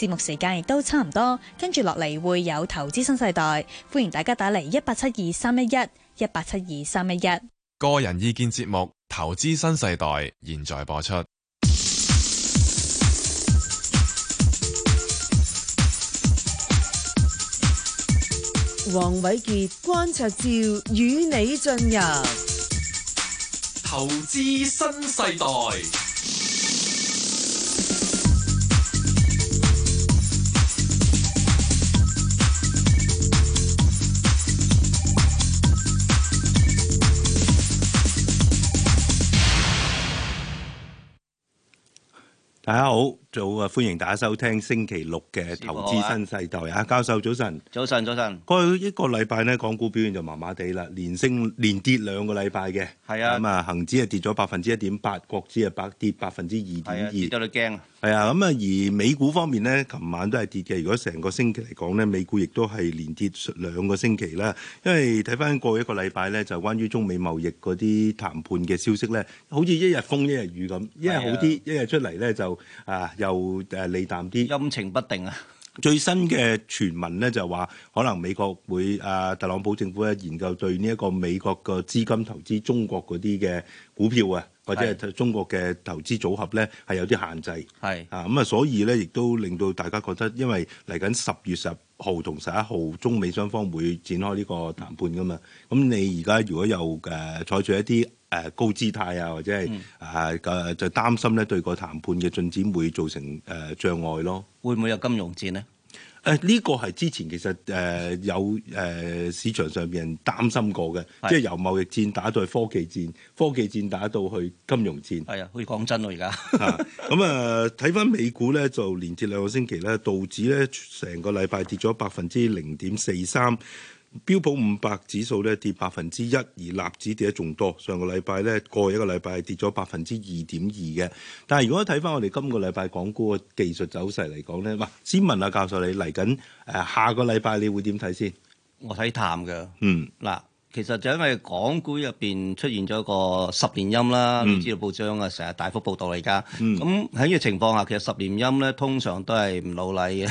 節目時間亦都差唔多，跟住落嚟會有投資新世代，歡迎大家打嚟一八七二三一一一八七二三一一。個人意見節目《投資新世代》現在播出。黃瑋傑關焯照與你進入《投資新世代》。大家好。早啊！歡迎大家收聽星期六嘅投資新世代啊，教授早晨，早晨。早晨早晨。過去一個禮拜呢，港股表現就麻麻地啦，連升連跌兩個禮拜嘅。係啊。咁啊，嗯，恒指係跌咗百分之一點八，國指係百跌百分之二點二。跌到你驚啊！係啊，咁啊，而美股方面呢，琴晚都係跌嘅。如果成個星期嚟講呢，美股亦都係連跌兩個星期啦。因為睇翻過去一個禮拜呢，就關於中美貿易嗰啲談判嘅消息呢，好似一日風一日雨咁，一日好啲，一日出嚟呢，就啊～又誒利淡啲，陰晴不定啊！最新嘅傳聞咧就話可能美國會啊，特朗普政府咧研究對呢一個美國嘅資金投資中國嗰啲嘅股票啊，或者係中國嘅投資組合咧，係有啲限制。係啊是，咁啊，所以咧，亦都令到大家覺得，因為嚟緊十月十號同十一號中美雙方會展開呢個談判噶嘛。咁、嗯、你而家如果有誒採、啊、取一啲？誒、呃、高姿態啊，或者係啊個就擔心咧，對個談判嘅進展會造成誒障礙咯。呃、會唔會有金融戰呢？誒呢、呃呢個係之前其實誒有誒市場上邊人擔心過嘅，即係的由貿易戰打到去科技戰，科技戰打到去金融戰。係啊，好似講真咯，而家、 嗯。咁、呃、啊，睇翻美股咧，就連接兩個星期咧，道指咧成個禮拜跌咗百分之零點四三。標普五百指數咧跌百分之一，而納指跌得仲多。上個禮拜咧過一個禮拜跌咗百分之二點二嘅。但係如果睇翻我哋今個禮拜港股嘅技術走勢嚟講咧，哇！先問阿教授你嚟緊誒下個禮拜你會點睇先？我睇淡㗎。嗯，嗱。其實就因為港股入邊出現咗個十年陰啦，你知道報章啊，成日大幅報道嚟噶。咁喺呢個情況下，其實十年陰咧通常都係唔努力、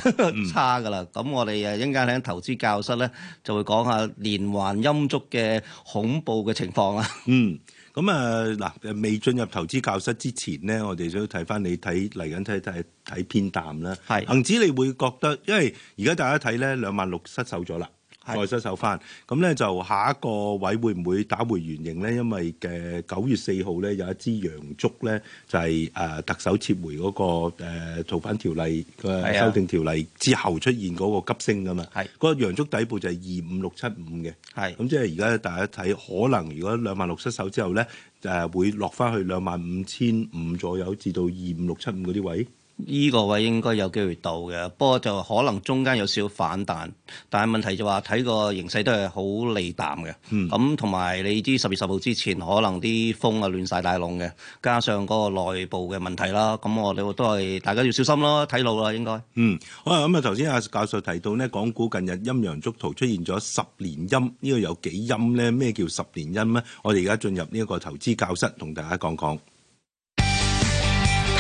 差噶啦。咁我哋誒一陣間喺投資教室咧，就會講下連環陰燭嘅恐怖嘅情況啦。嗯，咁啊嗱，未進入投資教室之前咧，我哋想睇翻你睇嚟緊睇睇睇偏淡啦。係，恒指你會覺得，因為而家大家睇咧兩萬六失守咗啦。再失守翻，咁咧就下一個位會唔會打回原形咧？因為嘅九月四號咧有一支洋竹咧，就係誒特首撤回嗰個做逃犯條例嘅修訂條例之後出現嗰個急升噶嘛。係嗰的個洋竹底部就係二五六七五嘅。係，咁的即係而家大家睇，可能如果兩萬六失守之後咧，誒會落翻去兩萬五千五左右至到二五六七五嗰啲位。呢個位應該有機會到嘅，不過就可能中間有少少反彈，但係問題就話、是、睇個形勢都係好利淡嘅。咁同埋你知十月十號之前可能啲風啊亂晒大籠嘅，加上嗰個內部嘅問題啦，咁我哋都係大家要小心咯，睇路啦應該。嗯，好啊，咁啊頭先阿教授提到呢，港股近日陰陽燭圖出現咗十年陰，呢、這個有幾陰呢？咩叫十年陰呢？我哋而家進入呢一個投資教室，同大家講講。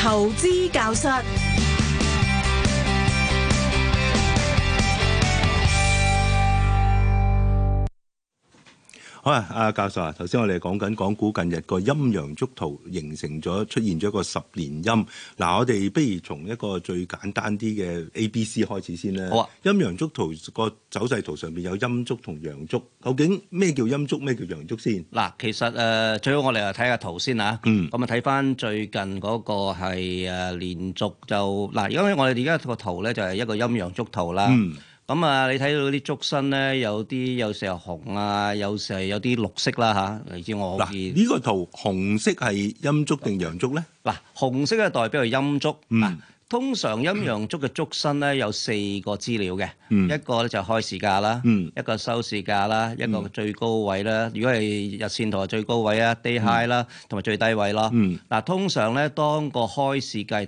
投資教室。好啊，阿教授啊，頭先我哋講緊港股近日個陰陽燭圖形成咗，出現咗一個十年陰。嗱，我哋不如從一個最簡單啲嘅 A B C 開始先啦。好啊，陰陽燭圖個走勢圖上邊有陰燭同陽燭，究竟咩叫陰燭，咩叫陽燭先？嗱，其實誒、呃，最好我哋啊睇下圖先啊。嗯。咁啊，睇翻最近嗰個係誒連續就嗱，因為我哋而家個圖咧就係一個陰陽燭圖啦。嗯。咁啊，你睇到啲燭身咧，有啲有時候紅啊，有時係有啲綠色啦嚇，嚟自我嗱呢個圖紅色係陰燭定陽燭咧？嗱，紅色係代表係陰燭，通常陰陽燭嘅燭身咧有四個資料嘅，一個咧就開市價啦，一個收市價啦，一個最高位啦，如果係日線圖係最高位啊，day high 啦，同埋最低位咯。嗱，通常咧當個開市價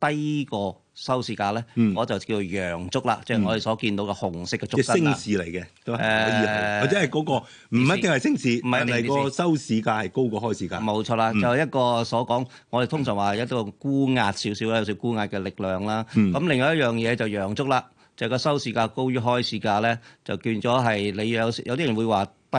低過收市價咧，我就叫陽燭啦，即係我哋所見到嘅紅色嘅燭身啦。即係升市嚟嘅，或者係嗰個唔一定係升市，唔係個收市價係高過開市價。冇錯啦，就係一個所講，我哋通常話有一個沽壓少少啦，有少沽壓嘅力量啦。咁另外一樣嘢就陽燭啦，就係個收市價高於開市價咧，就變咗係你有有啲人會話低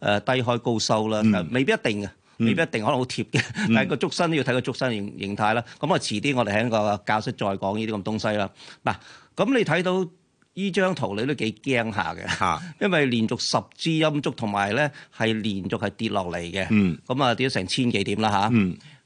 誒低開高收啦，未必一定嘅。未必一定可能好貼嘅，但係個燭身都要睇個燭身形、形態啦。咁啊、嗯，遲啲我哋喺個教室再講呢啲咁東西啦。嗱，咁你睇到呢張圖，你都幾驚下嘅，啊、因為連續十支陰燭同埋咧係連續係跌落嚟嘅。咁啊，跌咗成千幾點啦嚇。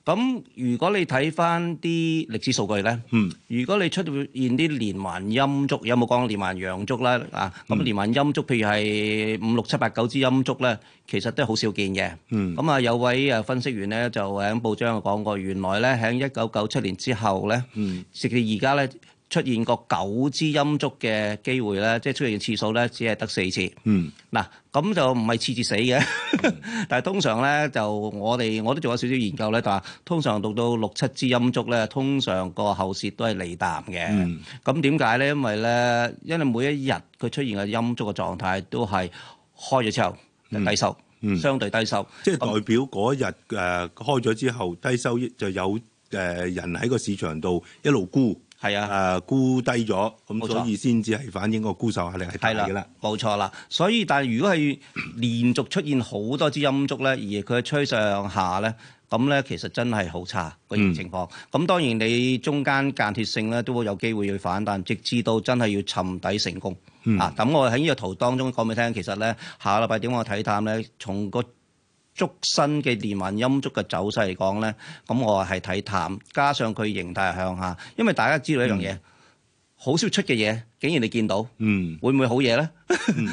咁如果你睇翻啲歷史數據咧，嗯、如果你出現啲連環陰燭，有冇講連環陽燭咧啊？咁、嗯、連環陰燭，譬如係五六七八九支陰燭咧，其實都係好少見嘅。咁啊、嗯，有位啊分析員咧就喺報章講過，原來咧喺一九九七年之後咧，嗯、直至而家咧。出現過九支陰燭嘅機會咧，即係出現嘅次數咧，只係得四次。嗯，嗱咁就唔係次次死嘅，但係通常咧就我哋我都做咗少少研究咧，就話通常讀到六七支陰燭咧，通常個後市都係利淡嘅。嗯，咁點解咧？因為咧，因為每一日佢出現嘅陰燭嘅狀態都係開咗之後就低收，嗯，相對低收，即係代表嗰一日誒開咗之後低收益就有誒人喺個市場度一路沽。係啊，誒、呃、沽低咗，咁冇錯所以先至係反映個沽售壓力係大嘅啦。冇錯啦，所以但係如果係連續出現好多支陰燭咧，而佢吹上下咧，咁咧其實真係好差嗰種情況。咁、嗯、當然你中間間歇性咧都有機會去反彈，直至到真係要沉底成功。嗯、啊，咁我喺呢個圖當中講俾你聽，其實咧下個禮拜點我睇淡咧，從、個燭身嘅連環陰燭嘅走勢嚟講咧，咁我係睇淡，加上佢形態係向下，因為大家知道一樣嘢，好、嗯、少出嘅嘢，竟然你見到，嗯，會唔會好嘢咧？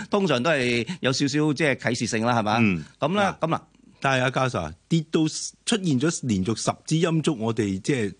通常都係有少少即係啟示性啦，係咪？咁啦，咁啦，但係阿教授跌到出現咗連續十支陰燭，我哋即係誒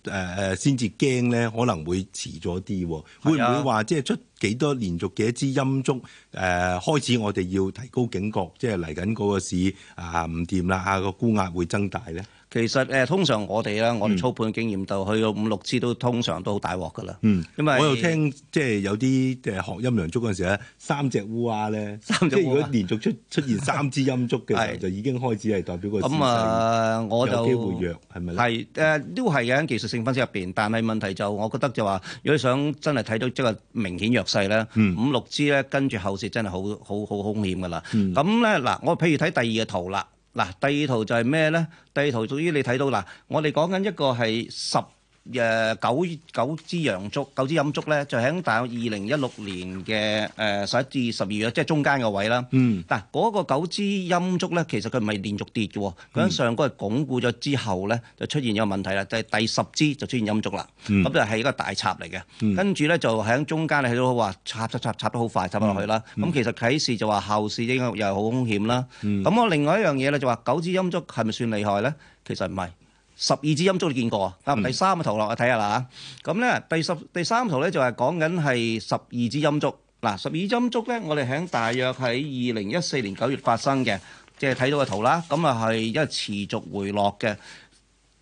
誒先至驚咧，呃、可能會遲咗啲，的會唔會話即係出？幾多連續嘅一支陰燭，誒、呃、開始我哋要提高警覺，即係嚟緊嗰個市啊唔掂啦，個沽壓會增大咧。其實誒、呃，通常我哋咧，我哋操盤經驗就係、去到五六支都，通常都好大鑊噶啦。嗯，因為我又聽即係有啲誒學陰陽燭嗰陣時咧，三隻烏鴉咧，三呢即係如果連續出出現三支陰燭嘅時候 就已經開始係代表個咁啊，我就、嗯嗯、有機會弱係咪咧？係誒、呃，都係嘅技術性分析入邊，但係問題就係、我覺得就話、係，如果想真係睇到即係明顯弱勢咧，五六支咧跟住後市真係好好好風險噶啦。咁咧嗱，我、嗯、譬如睇第二個圖啦。問嗱，第二圖就係咩咧？第二圖屬於你睇到啦，我哋講緊一個係十。誒九九支陽燭，九支陰燭咧，就喺大約二零一六年嘅誒十一至十二月，即係中間嘅位啦。嗯，嗱嗰個九支陰燭咧，其實佢唔係連續跌嘅，佢喺上個係鞏固咗之後咧，就出現咗問題啦。就係第十支就出現陰燭啦。嗯，咁就係一個大插嚟嘅。嗯，跟住咧就喺中間咧，你睇到話插插插插得好快，插落去啦。咁其實啟示就話後市應該又係好風險啦。嗯，咁我另外一樣嘢咧就話九支陰燭係咪算厲害咧？其實唔係。十二支音燭你見過啊？咁第三個圖落去睇下啦。咁咧，第十第三個圖咧就係講緊係十二支音燭。嗱，十二支音燭咧，我哋喺大約喺二零一四年九月發生嘅，即係睇到個圖啦。咁啊係一個持續回落嘅。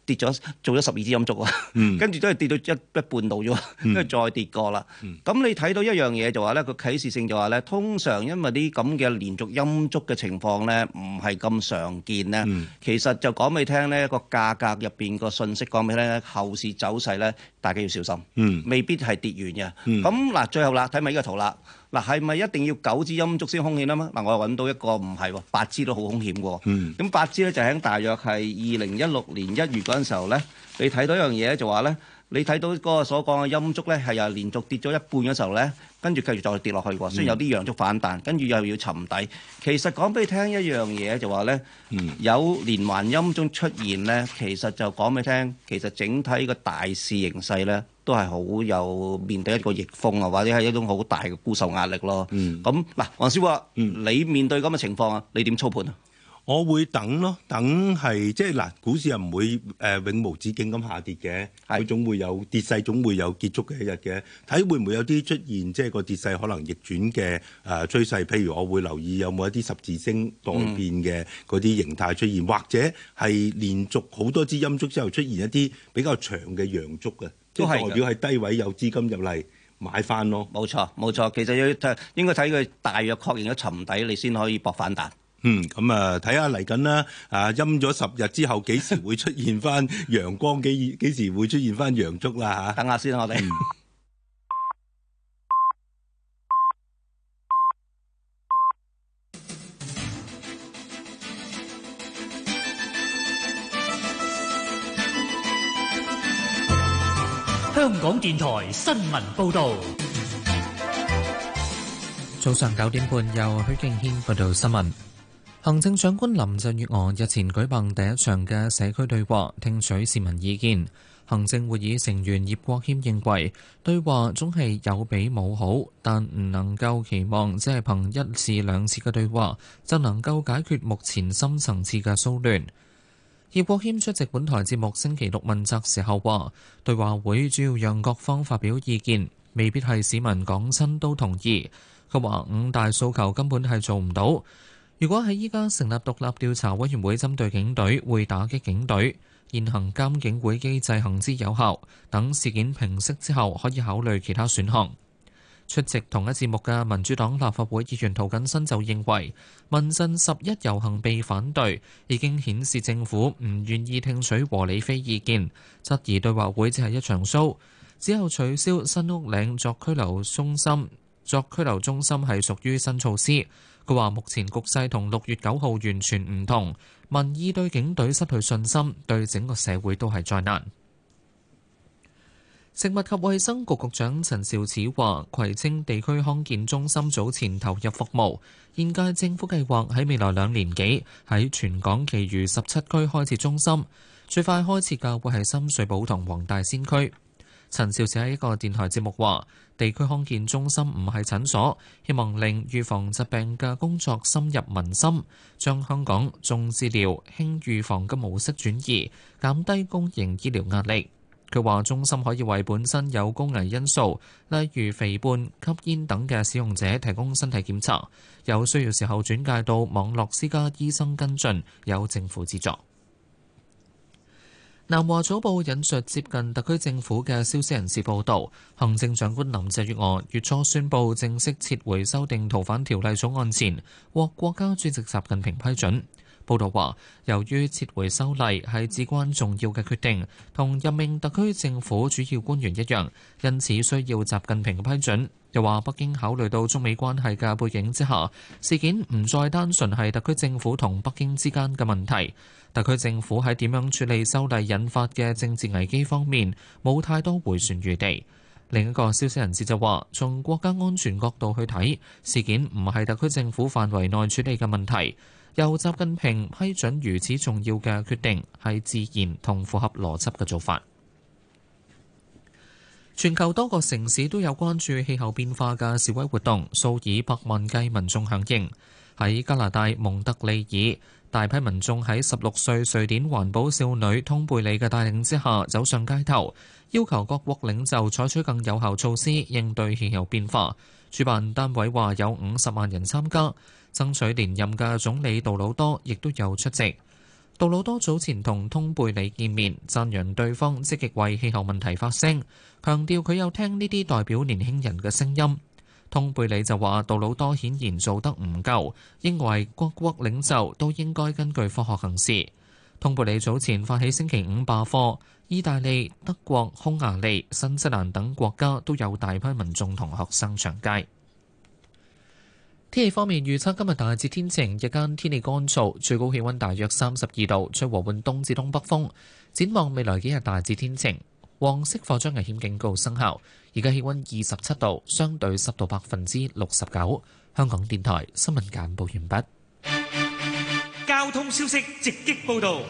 跌咗做咗十二支陰燭啊，跟住都係跌到一一半度咗，跟住再跌過啦。咁、嗯嗯、你睇到一樣嘢就話、是、咧，個啟示性就話、是、咧，通常因為啲咁嘅連續陰燭嘅情況咧，唔係咁常見咧。嗯、其實就講俾你聽咧，個價格入邊個信息講俾你聽咧，後市走勢咧，大家要小心，未必係跌完嘅。咁嗱、嗯嗯，最後啦，睇埋呢個圖啦。嗱，係咪一定要九支陰燭先兇險啊？嘛嗱，我又揾到一個唔係喎，八支都好兇險嘅喎。咁、嗯、八支咧就喺大約係二零一六年一月嗰陣時候咧，你睇到一樣嘢就話咧，你睇到嗰個所講嘅陰燭咧係又連續跌咗一半嘅時候咧，跟住繼續再跌落去嘅喎，雖然有啲陽燭反彈，跟住又要沉底。其實講俾你聽一樣嘢就話咧，有連環陰燭出現咧，其實就講俾你聽，其實整體個大市形勢咧。都係好有面對一個逆風啊，或者係一種好大嘅沽售壓力咯。咁嗱、嗯，黃師傅話、嗯、你面對咁嘅情況啊，你點操盤啊？我會等咯，等係即係嗱，股市又唔會誒、呃、永無止境咁下跌嘅，是總會有跌勢，總會有結束嘅一日嘅。睇會唔會有啲出現即係個跌勢可能逆轉嘅誒趨勢？譬如我會留意有冇一啲十字星代變嘅嗰啲形態出現，嗯、或者係連續好多支陰燭之後出現一啲比較長嘅陽燭嘅。都係代表係低位有資金入嚟買翻咯。冇錯，冇錯，其實要就應該睇佢大約確認咗沉底，你先可以搏反彈。嗯，咁、嗯、啊，睇下嚟緊啦。啊，陰咗十日之後，幾時會出現翻陽光？幾幾 時會出現翻陽燭啦？嚇、啊，等下先、啊，我哋。嗯香港電台新聞報道，早上九點半由許敬軒報道新聞。行政長官林鄭月娥日前舉辦第一場嘅社區對話，聽取市民意見。行政會議成員葉國謙認為，對話總係有比冇好，但唔能夠期望只係憑一次兩次嘅對話就能夠解決目前深層次嘅騷亂。葉國謙出席本台節目星期六問責時候話，對話會主要讓各方發表意見，未必係市民講親都同意。佢話五大訴求根本係做唔到，如果喺依家成立獨立調查委員會針對警隊，會打擊警隊。現行監警會機制行之有效，等事件平息之後，可以考慮其他選項。出席同一節目嘅民主黨立法會議員涂謹申就認為，民陣十一遊行被反對已經顯示政府唔願意聽取和理非意見，質疑對話會只係一場 show。之後取消新屋嶺作拘留中心，作拘留中心係屬於新措施。佢話目前局勢同六月九號完全唔同，民意對警隊失去信心，對整個社會都係災難。食物及衛生局局長陳肇始話：葵青地區康健中心早前投入服務，現屆政府計劃喺未來兩年幾喺全港其餘十七區開設中心，最快開設嘅會係深水埗同黃大仙區。陳肇始喺一個電台節目話：地區康健中心唔係診所，希望令預防疾病嘅工作深入民心，將香港重治療，輕預防嘅模式轉移，減低公營醫療壓力。佢話：中心可以為本身有高危因素，例如肥胖、吸煙等嘅使用者提供身體檢查，有需要時候轉介到網絡私家醫生跟進，有政府資助。南華早報引述接近特區政府嘅消息人士報道，行政長官林鄭月娥月初宣布正式撤回修訂逃犯條例草案前，獲國家主席習近平批准。報道話，由於撤回修例係至關重要嘅決定，同任命特區政府主要官員一樣，因此需要習近平嘅批准。又話，北京考慮到中美關係嘅背景之下，事件唔再單純係特區政府同北京之間嘅問題。特區政府喺點樣處理修例引發嘅政治危機方面，冇太多回旋餘地。另一個消息人士就話，從國家安全角度去睇，事件唔係特區政府範圍內處理嘅問題。由習近平批准如此重要嘅決定，係自然同符合邏輯嘅做法。全球多個城市都有關注氣候變化嘅示威活動，數以百萬計民眾響應。喺加拿大蒙特利爾，大批民眾喺十六歲瑞典環保少女通貝里嘅帶領之下走上街頭，要求各國領袖採取更有效措施應對氣候變化。主辦單位話有五十萬人參加。爭取連任嘅總理杜魯多亦都有出席。杜魯多早前同通貝里見面，讚揚對方積極為氣候問題發聲，強調佢有聽呢啲代表年輕人嘅聲音。通貝里就話杜魯多顯然做得唔夠，認為各國領袖都應該根據科學行事。通貝里早前發起星期五罷課，意大利、德國、匈牙利、新西蘭等國家都有大批民眾同學生上街。天氣方面預測今日大致天晴，日間天氣乾燥，最高氣溫大約三十二度，吹和緩東至東北風。展望未來幾日大致天晴，黃色火災危險警告生效。而家氣溫二十七度，相對濕度百分之六十九。香港電台新聞簡報完畢。交通消息直擊報道。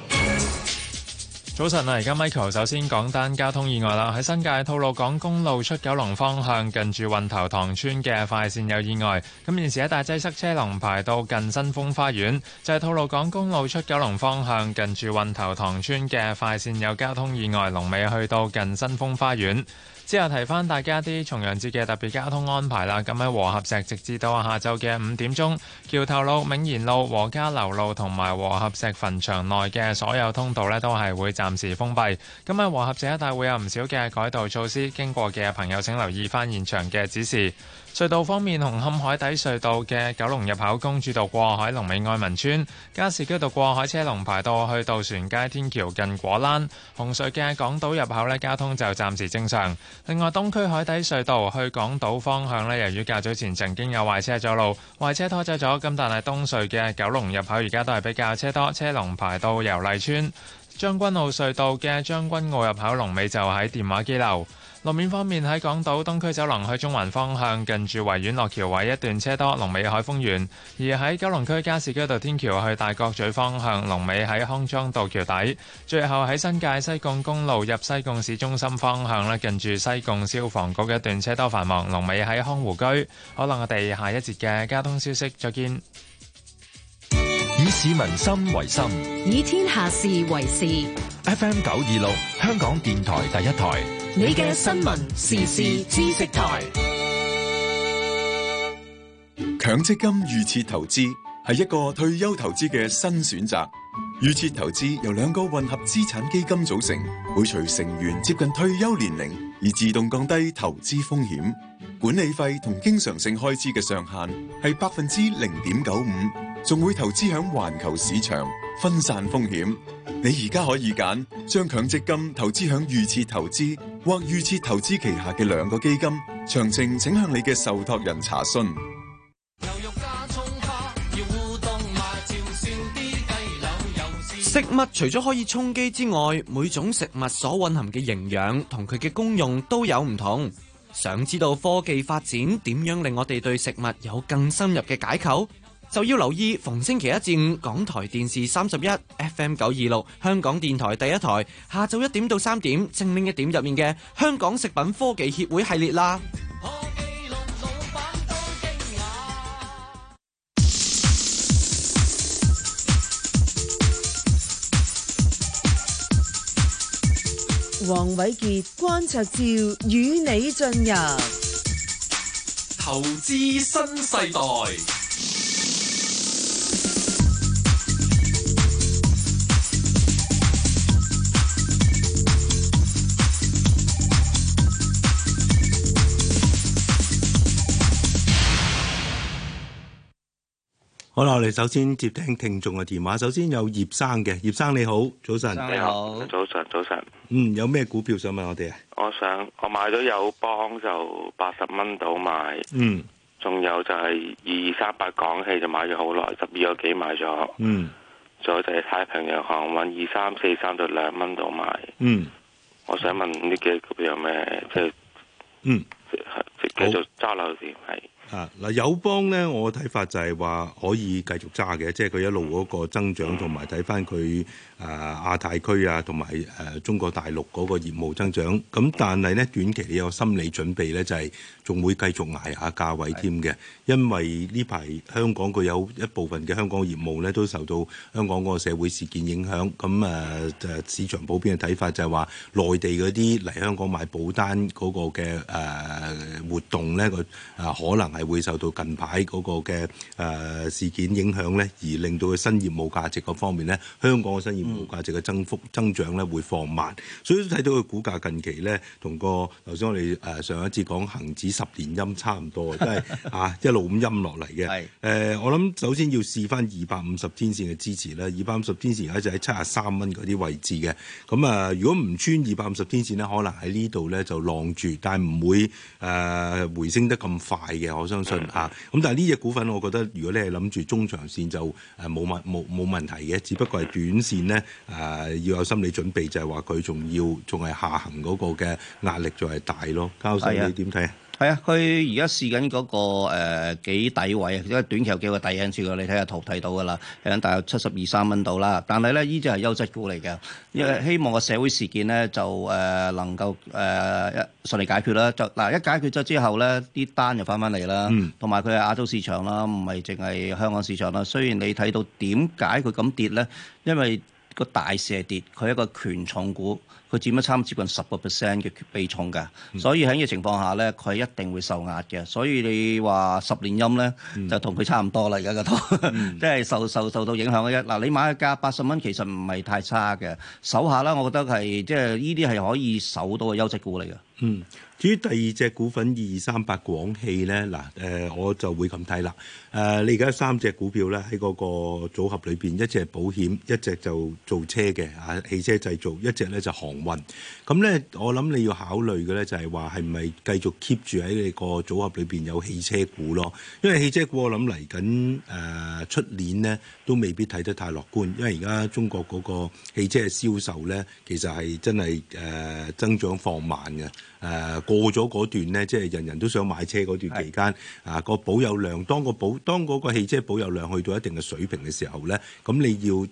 早晨啊，而家 Michael 首先講單交通意外啦，喺新界吐露港公路出九龍方向近住運頭塘村嘅快線有意外，咁現時喺大擠塞車龍排到近新豐花園，就係、是、吐露港公路出九龍方向近住運頭塘村嘅快線有交通意外，龍尾去到近新豐花園。之後提翻大家啲重陽節嘅特別交通安排啦。咁喺和合石，直至到下晝嘅五點鐘，橋頭路、銘賢路、和家樓路同埋和合石墳場內嘅所有通道呢都係會暫時封閉。今日和合石一帶會有唔少嘅改道措施，經過嘅朋友請留意翻現場嘅指示。隧道方面，紅磡海底隧道嘅九龍入口公主道過海，龍尾愛民村；加士居道過海車龍排到去渡船街天橋近果欄。紅隧嘅港島入口呢，交通就暫時正常。另外，東區海底隧道去港島方向呢，由於較早前曾經有壞車阻路，壞車拖走咗，咁但係東隧嘅九龍入口而家都係比較車多，車龍排到油麗村。將軍澳隧道嘅將軍澳入口龍尾就喺電話機樓。路面方面喺港島東區走廊去中環方向，近住維園落橋位一段車多，龍尾海豐園。而喺九龍區加士居道天橋去大角咀方向，龍尾喺康莊道橋底。最後喺新界西貢公路入西貢市中心方向咧，近住西貢消防局嘅一段車多繁忙，龍尾喺康湖居。可能我哋下一節嘅交通消息再見。以市民心為心，以天下事為事。FM 九二六，香港電台第一台。你嘅新聞時事知識台。強積金預設投資係一個退休投資嘅新選擇。預設投資由兩個混合資產基金組成，會隨成員接近退休年齡而自動降低投資風險。管理費同經常性開支嘅上限係百分之零點九五。仲會投資響環球市場，分散風險。你而家可以揀將強積金投資響預設投資，或預設投資旗下嘅兩個基金。詳情請向你嘅受託人查詢。食物除咗可以充飢之外，每種食物所蘊含嘅營養同佢嘅功用都有唔同。想知道科技發展點樣令我哋對食物有更深入嘅解構？就要留意逢星期一至五，港台電視三十一，FM 九二六、香港電台第一台，下晝一點到三點，正拎一點入面嘅香港食品科技協會系列啦。黃瑋傑、關焯照與你進入投資新世代。好啦，我哋首先接聽聽眾嘅電話。首先有葉生嘅，葉生你好，早晨。你好，早晨，早晨。嗯，有咩股票想問我哋啊？我想我買咗友邦就八十蚊度買，嗯，仲有就係二三八港幣就買咗好耐，十二個幾買咗，嗯，再就係太平洋航運二三四三到兩蚊度買，23, 23, 23, 23, 23, 23嗯，我想問呢幾個股票有咩即係，就是、嗯，繼續揸樓先係。啊！嗱，友邦咧，我嘅睇法就係話可以繼續揸嘅，即係佢一路嗰個增長，同埋睇翻佢啊亞太區啊，同埋誒中國大陸嗰個業務增長。咁但係咧，短期你有個心理準備咧，就係、是。仲會繼續捱下價位添嘅，的因為呢排香港佢有一部分嘅香港業務咧都受到香港個社會事件影響，咁誒就市場普遍嘅睇法就係話內地嗰啲嚟香港買保單嗰個嘅誒、呃、活動咧，佢啊可能係會受到近排嗰個嘅誒、呃、事件影響咧，而令到佢新業務價值嗰方面咧，香港嘅新業務價值嘅增幅增長咧會放慢，嗯、所以睇到佢股價近期咧同個頭先我哋誒上一次講恒指。十年 陰差唔多，即係啊一路咁陰落嚟嘅。誒，我諗首先要試翻二百五十天線嘅支持啦。二百五十天線而家就喺七十三蚊嗰啲位置嘅。咁啊，如果唔穿二百五十天線咧，可能喺呢度咧就浪住，但係唔會誒回升得咁快嘅，我相信啊。咁、 嗯、但係呢隻股份，我覺得如果你係諗住中長線就，就誒冇問冇冇問題嘅。只不過係短線咧誒、呃、要有心理準備，就係話佢仲要仲係下行嗰個嘅壓力仲係大咯。教授 你點睇啊？係啊，佢而家試緊、那、嗰個誒、呃、幾低位啊，而家短期有幾個底因素㗎，你睇下圖睇到㗎啦，響大概七十二三蚊度啦。但係咧，呢隻係優質股嚟嘅，因為希望個社會事件咧就誒、呃、能夠誒、呃、順利解決啦。就嗱一解決咗之後咧，啲單就返返嚟啦，同埋佢係亞洲市場啦，唔係淨係香港市場啦。雖然你睇到點解佢咁跌咧，因為個大市跌，佢係一個權重股。佢佔咗差唔多接近十個 percent 嘅比重㗎，嗯、所以喺呢個情況下咧，佢一定會受壓嘅。所以你話十年陰咧，就同佢差唔多啦。而家嗰度即係受受受到影響嘅啫。嗱，你買價八十蚊其實唔係太差嘅，守下啦。我覺得係即係呢啲係可以守到嘅優質股嚟嘅。嗯，至於第二隻股份二二三八廣汽呢，嗱、呃、誒，我就會咁睇啦。誒、呃，你而家三隻股票呢，喺嗰個組合裏邊，一隻係保險，一隻就造車嘅啊，汽車製造，一隻呢就是、航運。咁、嗯、呢、嗯，我諗你要考慮嘅呢，就係話係唔係繼續 keep 住喺你個組合裏邊有汽車股咯？因為汽車股我諗嚟緊誒出年呢都未必睇得太樂觀，因為而家中國嗰個汽車嘅銷售呢，其實係真係誒、呃、增長放慢嘅。誒過咗嗰段咧，即係人人都想買車嗰段期間，是的 啊個保有量，當,保當個保當嗰汽車保有量去到一定嘅水平嘅時候咧，咁你要誒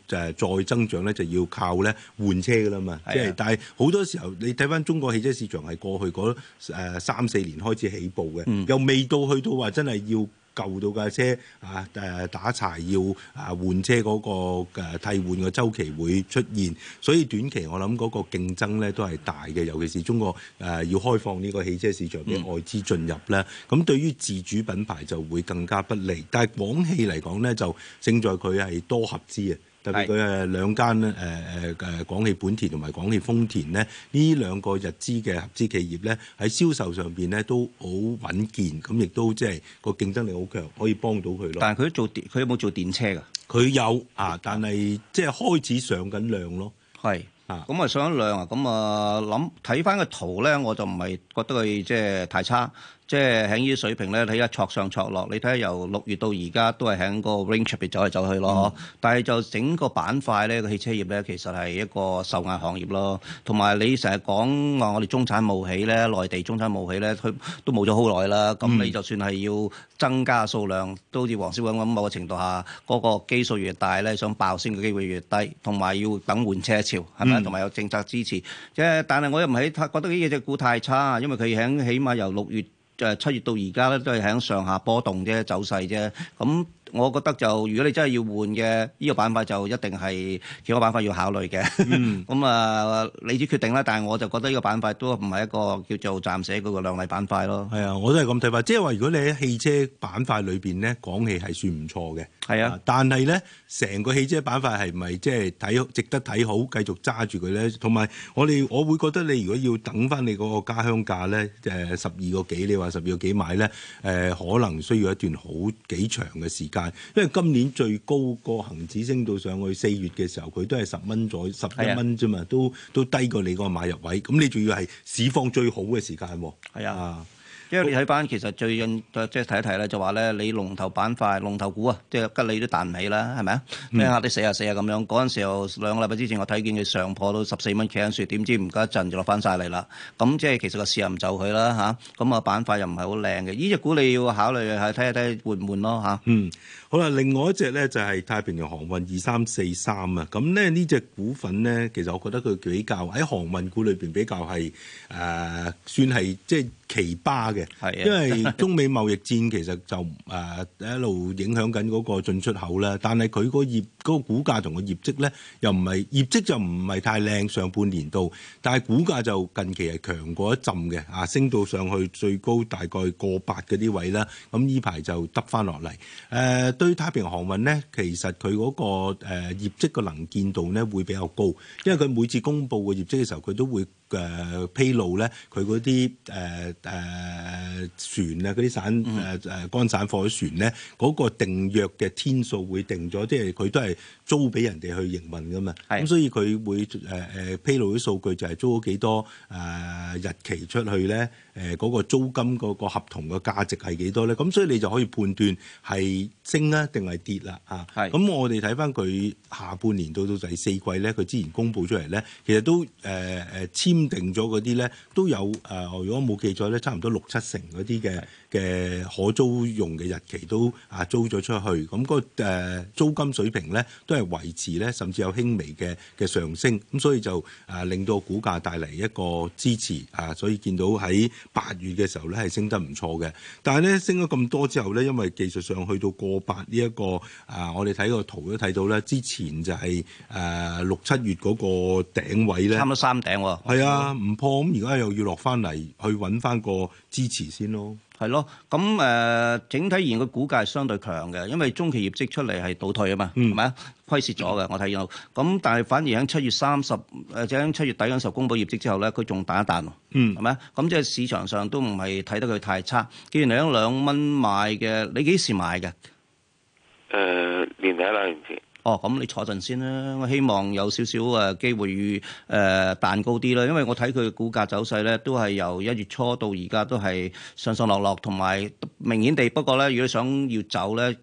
再增長咧，就要靠咧換車㗎喇嘛。是的 即係但係好多時候，你睇返中國汽車市場係過去嗰三四年開始起步嘅，又、嗯、未到去到話真係要。舊到架車啊，誒、呃、打柴要啊換車嗰、那個、呃、替換嘅周期會出現，所以短期我諗嗰個競爭咧都係大嘅，尤其是中國誒、呃、要開放呢個汽車市場俾外資進入咧，咁、嗯、對於自主品牌就會更加不利。但係廣汽嚟講咧，就勝在佢係多合資啊。特別佢誒兩間咧，誒誒誒廣汽本田同埋廣汽豐田咧，呢兩個日資嘅合資企業咧，喺銷售上邊咧都好穩健，咁亦都即係個競爭力好強，可以幫到佢咯。但係佢做，佢有冇做電車㗎？佢有啊，但係即係開始上緊量咯。係啊，咁啊上緊量啊，咁啊諗睇翻個圖咧，我就唔係覺得佢即係太差。即係喺呢啲水平咧，睇下挫上挫落，你睇下由六月到而家都係喺個 range、er、入邊走嚟走去咯，嗯、但係就整個板塊咧，個汽車業咧，其實係一個受壓行業咯。同埋你成日講話我哋中產冒起咧，內地中產呢冒起咧，佢都冇咗好耐啦。咁你就算係要增加數量，都好似黃少講咁，某個程度下嗰、那個基數越大咧，想爆升嘅機會越低。同埋要等換車潮，係咪？同埋有政策支持。即係但係我又唔係覺得呢隻股太差，因為佢喺起碼由六月。就係七月到而家咧，都係喺上下波動啫，走勢啫，咁。我覺得就如果你真係要換嘅呢，這個板塊，就一定係其他板塊要考慮嘅。咁 啊、嗯嗯，你自己決定啦。但係我就覺得呢個板塊都唔係一個叫做暫寫嗰個兩類板塊咯。係啊，我都係咁睇法，即係話如果你喺汽車板塊裏邊咧，講起係算唔錯嘅。係啊，但係咧，成個汽車板塊係唔係即係睇值得睇好，繼續揸住佢咧？同埋我哋，我會覺得你如果要等翻你嗰個加倉價咧，誒十二個幾，你話十二個幾買咧，誒、呃、可能需要一段好幾長嘅時間。因為今年最高個恒指升到上去四月嘅時候，佢都係十蚊左右，十一蚊啫嘛，Yeah. 都都低過你個買入位，咁你仲要係市況最好嘅時間喎。啊。Yeah. 啊因為你睇翻，其實最近即係睇一睇咧，就話咧你龍頭板塊、龍頭股啊，即係吉利都彈唔起啦，係咪啊？咩嚇你四啊四啊咁樣？嗰陣時又兩個禮拜之前，我睇見佢上破到十四蚊，企緊雪，點知唔夠一陣就落翻晒嚟啦。咁即係其實個市又唔就佢啦嚇。咁啊板塊又唔係好靚嘅，呢隻股你要考慮下睇一睇換唔換咯嚇。看看看看啊、嗯。好啦，另外一隻咧就係、是、太平洋航運二三四三啊，咁咧呢隻股份咧，其實我覺得佢比較喺航運股裏邊比較係誒、呃、算係即係奇葩嘅，的因為中美貿易戰其實就誒、呃、一路影響緊嗰個進出口啦。但係佢個業嗰股價同個業績咧又唔係，業績就唔係太靚上半年度，但係股價就近期係強過一陣嘅啊，升到上去最高大概過百嗰啲位啦。咁呢排就耷返落嚟誒。呃對於太平航運咧，其實佢嗰個誒業績個能見度咧會比較高，因為佢每次公布個業績嘅時候，佢都會嘅、呃、披露咧，佢嗰啲誒誒船啊，嗰啲散誒誒乾散貨船咧，嗰個訂約嘅天數會定咗，即係佢都係租俾人哋去營運噶嘛。咁是的、嗯、所以佢會誒誒、呃、披露啲數據就係租咗幾多誒、呃、日期出去咧？誒嗰個租金嗰個合同嘅價值係幾多咧？咁、嗯、所以你就可以判斷係升啊定係跌啦吓，係咁是的 我哋睇翻佢下半年到到第四季咧，佢之前公布出嚟咧，其實都誒誒。簽、呃。呃呃呃簽定咗嗰啲咧，都有誒。如果冇記錯咧，差唔多六七成嗰啲嘅嘅可租用嘅日期都啊租咗出去。咁、那個誒、呃、租金水平咧都係維持咧，甚至有輕微嘅嘅上升。咁所以就誒令到股價帶嚟一個支持啊。所以見到喺八月嘅時候咧係升得唔錯嘅。但係咧升咗咁多之後咧，因為技術上去到過百呢一個啊，我哋睇個圖都睇到咧，之前就係誒六七月嗰個頂位咧，差唔多三頂喎。係啊。啊，唔破咁而家又要落翻嚟去揾翻個支持先咯。係咯，咁誒、呃、整體而言，個股價係相對強嘅，因為中期業績出嚟係倒退啊嘛，係咪啊？虧蝕咗嘅，我睇到。咁但係反而喺七月三十、呃，或者喺七月底嗰陣時公佈業績之後咧，佢仲彈一彈喎。嗯，係咪啊？咁即係市場上都唔係睇得佢太差。既然你喺兩蚊買嘅，你幾時買嘅？誒、呃、年尾啦，哦，咁你坐陣先啦。我希望有少少誒機會與誒、呃、彈高啲啦，因為我睇佢嘅股價走勢咧，都係由一月初到而家都係上上落落，同埋明顯地。不過咧，如果你想要走咧，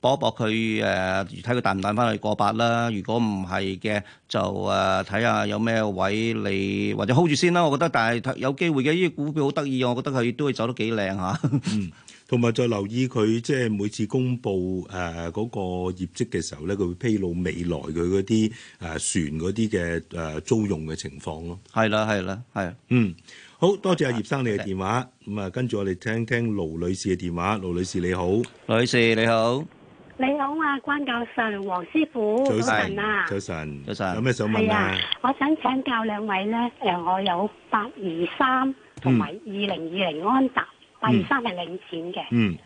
搏一搏佢誒，睇、呃、佢彈唔彈翻去過百啦。如果唔係嘅，就誒睇下有咩位你或者 hold 住先啦。我覺得，但係有機會嘅，呢啲股票好得意，我覺得佢都會走得幾靚啊。嗯。同埋再留意佢即係每次公布誒嗰個業績嘅時候咧，佢會披露未來佢嗰啲誒船嗰啲嘅誒租用嘅情況咯。係啦，係啦，係。嗯，好多謝阿葉生你嘅電話。咁啊，跟住我哋聽聽盧女士嘅電話。盧女士你好，盧女士你好，你好啊，關教授、黃師傅早晨啊，早晨，早晨，有咩想問啊？我想請教兩位咧，誒，我有八二三同埋二零二零安達。八月三係領展嘅，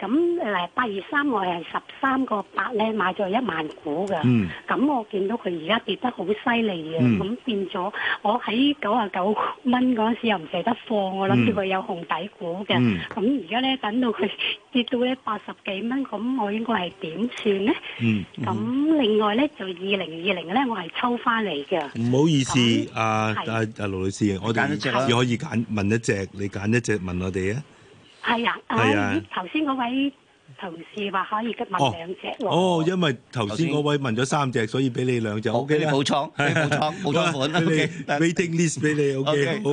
咁嚟八月三我係十三個八咧買咗一萬股嘅，咁我見到佢而家跌得好犀利嘅，咁變咗我喺九啊九蚊嗰陣時又唔捨得貨，我諗住佢有紅底股嘅，咁而家咧等到佢跌到咧八十幾蚊，咁我應該係點算咧？咁另外咧就二零二零咧我係抽翻嚟嘅。唔好意思，阿阿阿盧女士，我哋可以揀問一隻，你揀一隻問我哋啊。係啊，頭先嗰位同事話可以問兩隻，哦，因為頭先嗰位問咗三隻，所以俾你兩隻，O K 啦，冇錯，係冇錯，冇錯，我搵啲 waiting list 俾你，O K，好，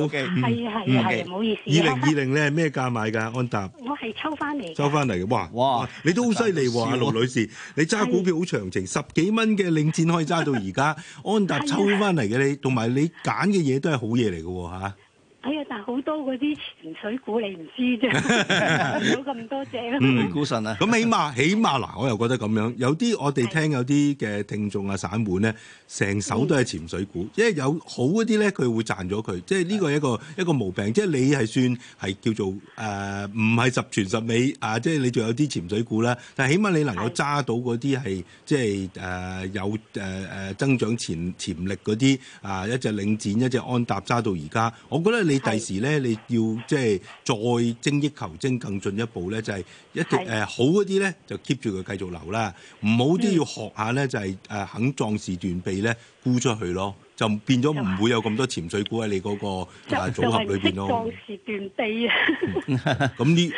係啊係啊係，唔好意思，二零二零咧係咩價買噶安踏？我係抽翻嚟，抽翻嚟嘅，哇哇，你都好犀利喎，阿盧女士，你揸股票好長情，十幾蚊嘅領展可以揸到而家，安踏抽翻嚟嘅你，同埋你揀嘅嘢都係好嘢嚟嘅吓。哎呀！但係好多嗰啲潛水股你唔知啫，冇咁多隻啦。股神啊，咁起碼起碼嗱，我又覺得咁樣，有啲我哋聽有啲嘅聽眾啊散戶咧，成手都係潛水股，因為有好嗰啲咧，佢會賺咗佢。即係呢個一個一個毛病，即係你係算係叫做誒，唔係十全十美啊！即係你仲有啲潛水股啦，但係起碼你能夠揸到嗰啲係即係誒有誒誒增長潛潛力嗰啲啊，一隻領展，一隻安踏揸到而家，我覺得你。你第時咧，你要即係再精益求精，更進一步咧，就係一定誒好嗰啲咧，就 keep 住佢繼續留啦，唔好啲要學下咧，就係誒肯壯士斷臂咧，沽出去咯，就變咗唔會有咁多潛水股喺你嗰個組合裏邊咯。就係壯士斷臂啊！咁 呢？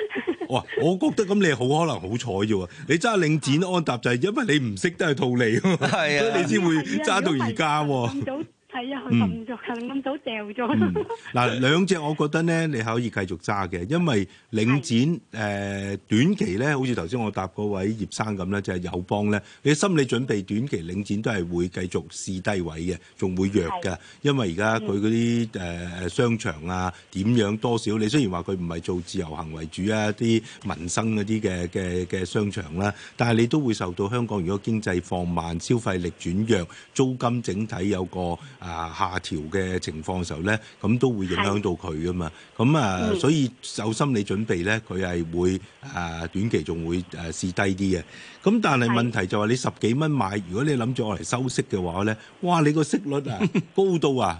哇！我覺得咁你好可能好彩啫喎，你揸領展安踏就係、是、因為你唔識得去套利， 啊、所以你先會揸到而家喎。係啊，沉咁早掉咗嗱，兩隻我覺得呢，你可以繼續揸嘅，因為領展誒是、呃、短期呢，好似頭先我答嗰位葉生咁呢，就係、是、友邦呢。你心理準備短期領展都係會繼續試低位嘅，仲會弱嘅，是因為而家佢嗰啲誒商場啊，點樣多少？你雖然話佢唔係做自由行為主啊，啲民生嗰啲嘅嘅嘅商場啦，但係你都會受到香港如果經濟放慢、消費力轉弱、租金整體有個啊啊，下調嘅情況嘅時候咧，咁都會影響到佢㗎嘛。咁的啊，所以有心理準備咧，佢係會啊短期仲會誒、啊、試低啲嘅。咁、啊、但係問題就係你十幾蚊買，如果你諗住我嚟收息嘅話咧，哇！你個息率啊，高到啊，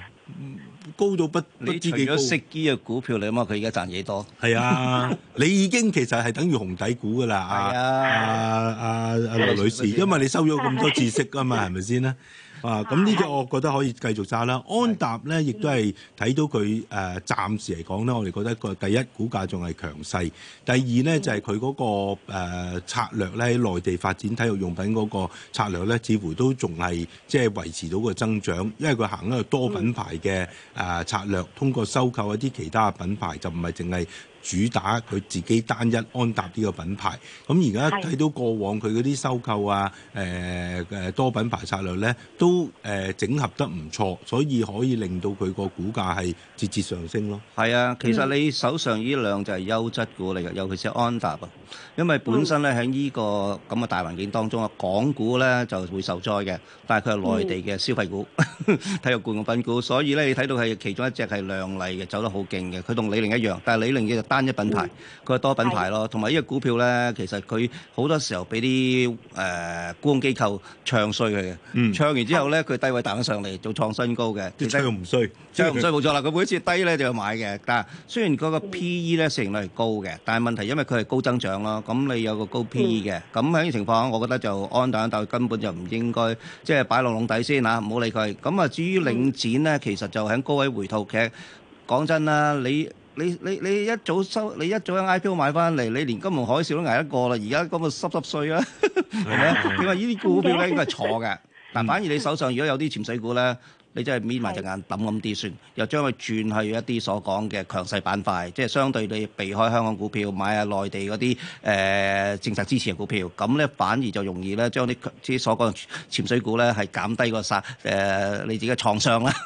高到不？不知幾多息啲嘅股票嚟啊嘛，佢而家賺幾多。係 啊，你已經其實係等於紅底股㗎啦的啊！啊啊啊，啊，啊，啊，啊，女士，因為你收咗咁多次息啊嘛，係咪先咧？啊！咁呢個我覺得可以繼續揸啦。安踏咧，亦都係睇到佢誒，暫時嚟講咧，我哋覺得個第一股價仲係強勢。第二咧，就係佢嗰個、呃、策略咧，喺內地發展體育用品嗰個策略咧，似乎都仲係即係維持到個增長，因為佢行咗個多品牌嘅誒、呃、策略，通過收購一啲其他嘅品牌，就唔係淨係。主打佢自己單一安踏呢個品牌，咁而家睇到過往佢嗰啲收購啊，誒、呃、誒多品牌策略咧，都誒、呃、整合得唔錯，所以可以令到佢個股價係節節上升咯。係啊，其實你手上呢兩隻係優質股嚟嘅，尤其是安踏啊，因為本身咧喺呢個咁嘅大環境當中啊，港股咧就會受災嘅，但係佢係內地嘅消費股、 體育用品股，所以咧你睇到係其中一隻係亮麗嘅，走得好勁嘅，佢同李寧一樣，但係李寧嘅。單一品牌。佢係多品牌咯，同埋呢個股票咧，其實佢好多時候俾啲誒沽空機構唱衰佢嘅，唱完之後咧，佢低位彈上嚟做創新高嘅。即係唱唔衰，唱唔衰冇錯啦。佢每次低咧就要買嘅，但係雖然嗰個 P E 咧市盈率係高嘅，但係問題因為佢係高增長咯，咁你有個高 P E 嘅，咁喺呢情況，我覺得就安頓一啖，根本就唔應該即係擺落籠底先嚇，唔好理佢。咁啊，至於領展咧，其實就喺高位回吐，其實講真啦，你。你你你一早收，你一早喺 IPO 買翻嚟，你連金融海嘯都捱得過啦，而家嗰個濕濕碎啦，係咪？你話呢啲股票咧應該係錯嘅，嗱， 反而你手上如果有啲潛水股咧，你真係搣埋隻眼揼咁啲算， 又將佢轉去一啲所講嘅強勢板塊，即係相對你避開香港股票，買下內地嗰啲誒政策支持嘅股票，咁咧反而就容易咧將啲啲所講嘅潛水股咧係減低個殺誒你自己嘅創傷啦。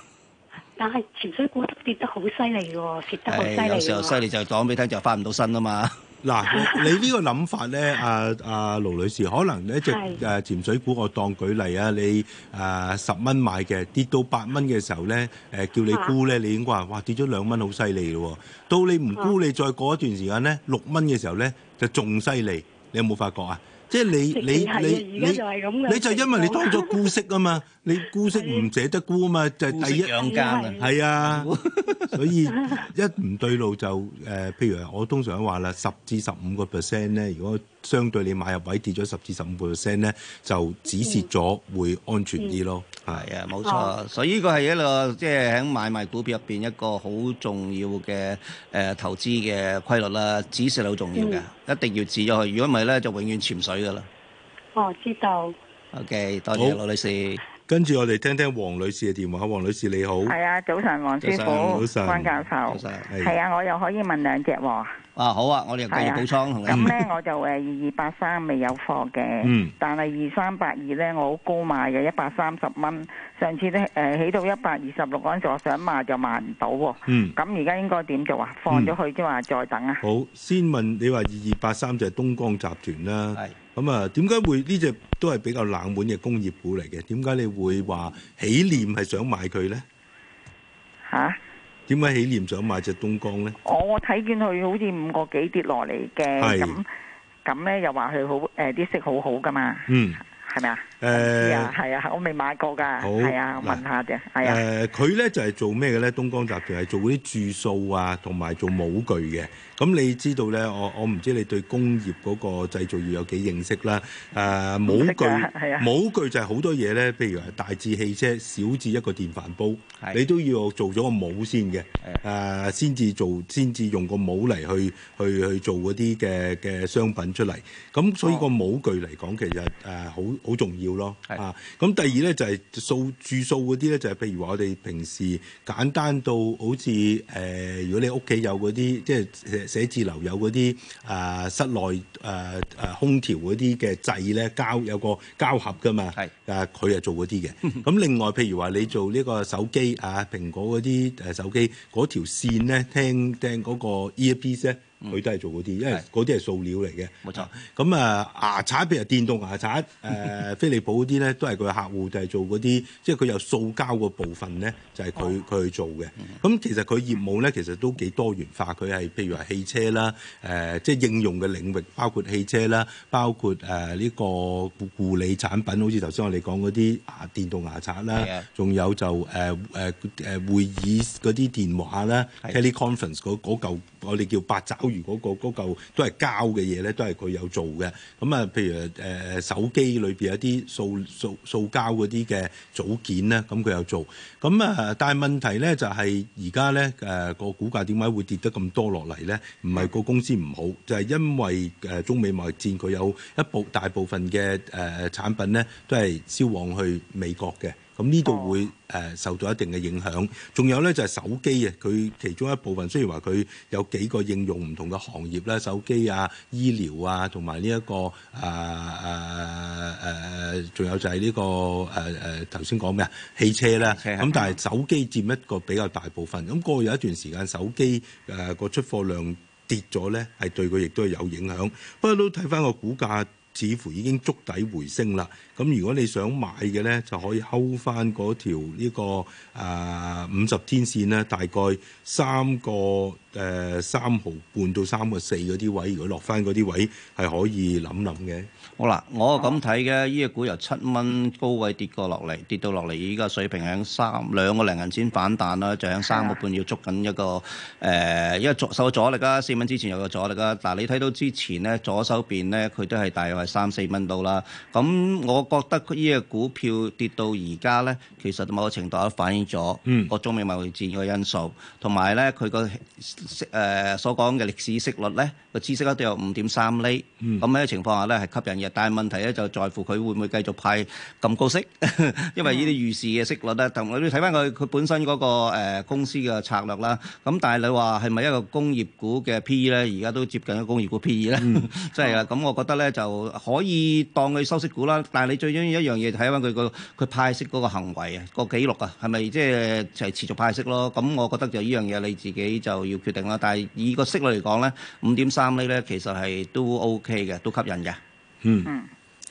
但係潛水股跌得好犀利喎，跌得好犀利。係，有時候犀利就講俾聽，就翻唔到身啊嘛。嗱，你呢個諗法咧，阿阿盧女士，可能一隻誒潛水股，我當舉例啊。你誒十蚊買嘅，跌到八蚊嘅時候咧，誒叫你估咧，你應該話哇跌咗兩蚊，好犀利咯。到你唔估，你再過一段時間咧，六蚊嘅時候咧，就仲犀利。你有冇發覺啊？即係你你你你就係咁嘅。你就因為你當咗姑息啊嘛，你姑息唔捨得姑啊嘛，的就第一養奸啊，係啊，所以一唔對路就誒、呃，譬如我通常都話啦，十至十五個 percent 咧，如果。相對你買入位跌咗十至十五個 percent 咧，就止蝕咗會安全啲咯。係啊，冇錯。所以呢個係一個即係喺買賣股票入邊一個好重要嘅誒投資嘅規律啦。止蝕係好重要嘅，一定要止咗佢！如果唔係咧，就永遠潛水噶啦。哦，知道。OK，多謝羅女士。跟住我哋聽聽黃女士嘅電話。黃女士你好。係啊，早晨，黃師傅。早晨，關教授。早晨。係啊，我又可以問兩隻喎。啊好啊，我哋繼續補倉同咁咧我就誒二二八三，未有貨嘅，但係二三八二咧我好高買嘅，一百三十蚊。上次咧誒起到一百二十六嗰陣，我想賣就賣唔到。咁而家應該點做啊？放咗佢，即話，嗯，再等啊？好，嗯，先問你話二二八三就係東江集團啦。咁啊是，點解會呢隻都係比較冷門嘅工業股嚟嘅？點解你會話起念係想買佢咧？吓，啊？點解起念想買隻東江呢？我睇見佢好似五個幾跌落嚟嘅，咁咁咧又話佢好誒啲息好好㗎嘛，係咪啊？誒係啊！我未買過㗎，係啊！問下啫。誒佢咧就係做咩嘅咧？東江集團係做嗰啲注塑啊，同埋做模具嘅。咁你知道咧，我我唔知你對工業嗰個製造業有幾認識啦？誒，模具係啊，模具就係好多嘢咧。譬如係大至汽車，小至一個電飯煲，你都要做咗個模先嘅。誒，先至做，先至用個模嚟去去去做嗰啲嘅嘅商品出嚟。咁所以個模具嚟講，其實誒好好重要。咯，啊，咁第二咧就係數住數嗰啲咧，就係譬如話我哋平時簡單到好似誒、呃，如果你屋企有嗰啲即係寫字樓有嗰啲啊，室內誒誒、呃、空調嗰啲嘅掣咧，膠有個膠盒噶嘛，係的，誒佢係做嗰啲嘅。咁 另外譬如話你做呢個手機啊，蘋果嗰啲誒手機嗰條線咧，聽聽嗰個 EarPods 咧。佢都係做嗰啲，因為啲係塑料嚟嘅。冇錯錯。咁啊，啊牙刷，譬如電動牙刷，誒、啊、飛利浦啲咧，都係佢嘅客戶，就係做嗰啲，即係佢有塑膠個部分咧，就係佢佢去做嘅。咁其實佢業務咧，其實都幾多元化。佢係譬如話汽車啦，誒、啊、即係應用嘅領域，包括汽車啦，包括誒呢、啊這個固護理產品，好似頭先我哋講嗰啲啊電動牙刷啦，仲的有就誒誒誒會議嗰啲電話啦，teleconference 嗰嗰嚿，我哋叫八爪。如嗰個嗰嚿都係膠嘅嘢咧，都係佢有做嘅。咁啊，譬如誒手機裏邊有啲塑塑塑膠嗰啲嘅組件咧，咁佢有做。咁啊，但係問題咧就係而家咧誒個股價點解會跌得咁多落嚟咧？唔係個公司唔好，就係、是、因為誒中美貿易戰，佢有一部大部分嘅誒產品咧都係銷往去美國嘅。咁呢度會誒受到一定嘅影響，仲有咧就係手機啊，佢其中一部分雖然話佢有幾個應用唔同嘅行業啦，手機啊、醫療啊，同埋呢一個啊啊誒仲有就係呢個誒誒頭先講咩啊，啊，汽車啦。咁車但係手機佔一個比較大部分，咁過去有一段時間手機誒個出貨量跌咗咧，係對佢亦都係有影響。不過都睇翻個股價，似乎已經觸底回升啦。咁如果你想買嘅咧，就可以睺翻嗰條呢、呢個誒五十天線啦，大概三個誒三、呃、毫半到三個四嗰啲位，如果落翻嗰啲位係可以諗諗嘅。好啦，我咁睇嘅，呢隻股由七蚊高位跌過落嚟，跌到落嚟依家水平喺三兩個零銀錢反彈啦，就喺三個半要捉緊一個誒、呃，因為受咗阻力啊，四蚊之前有個阻力啊，但你睇到之前咧左手邊咧佢都係大約係三四蚊到啦，咁我。覺得佢依個股票跌到而家咧，其實某個程度都反映咗個中美貿易戰個因素，同埋咧佢個誒所講嘅歷史息率咧，個孳息咧都有五點三厘，咁呢啲情況下咧係吸引嘅。但係問題咧就在乎佢會唔會繼續派咁高息，因為依啲預示嘅息率咧，同你睇翻佢佢本身嗰個誒公司嘅策略啦。咁但係你話係咪一個工業股嘅 PE 咧，而家都接近一個工業股 PE 咧，即係啊！咁我覺得咧就可以當佢收息股啦，但係你最重要一樣嘢，睇翻佢個佢派息嗰個行為啊，個記錄啊，係咪即係持續派息咯？咁我覺得就依樣嘢你自己就要決定啦。但係以個息率嚟講咧，五點三厘咧，其實係都 OK 嘅，都吸引嘅。嗯。嗯。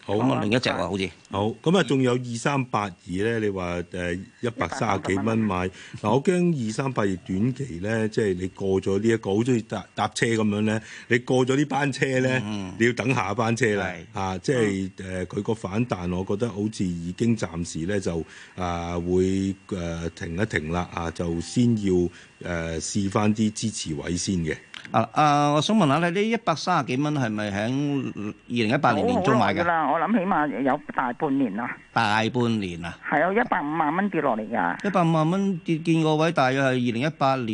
好，嗯、另一隻啊，好似是。好，咁啊、嗯，仲有二三八二咧？你話誒一百三十幾蚊買，嗱、嗯，我驚二三八二短期咧，即、就、係、是、你過咗呢一個，好中意搭搭車咁樣咧，你過咗呢班車咧，嗯、你要等下班車啦，嚇是！即係誒，佢、就、個、是 uh, 反彈，我覺得好似已經暫時咧就啊、uh, 會誒、uh, 停一停啦，啊、uh，就先要誒、uh, 試翻啲支持位先嘅。啊啊！我想問下咧，呢一百三十幾蚊係咪喺二零一八年年中買嘅？好好啦，我諗起碼有大半年啦。大半年啊？係啊，一百五萬蚊跌落嚟噶。一百五萬蚊跌見個位，大約係二零一八年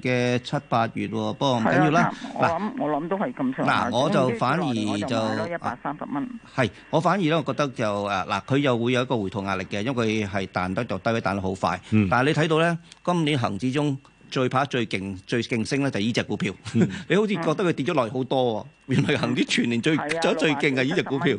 嘅七八月，不過唔緊要啦。嗱，我諗都係咁上下。嗱，我就反而就一百三十蚊。係，我反而咧，我覺得就誒嗱，佢又會有一個回吐壓力嘅，因為佢係彈得就低位，彈得好快。嗯。但係你睇到咧，今年恆指中。最怕最勁最勁升咧就係依隻股票，你好似覺得佢跌咗落嚟好多喎，原來行啲全年最就最勁嘅依隻股票。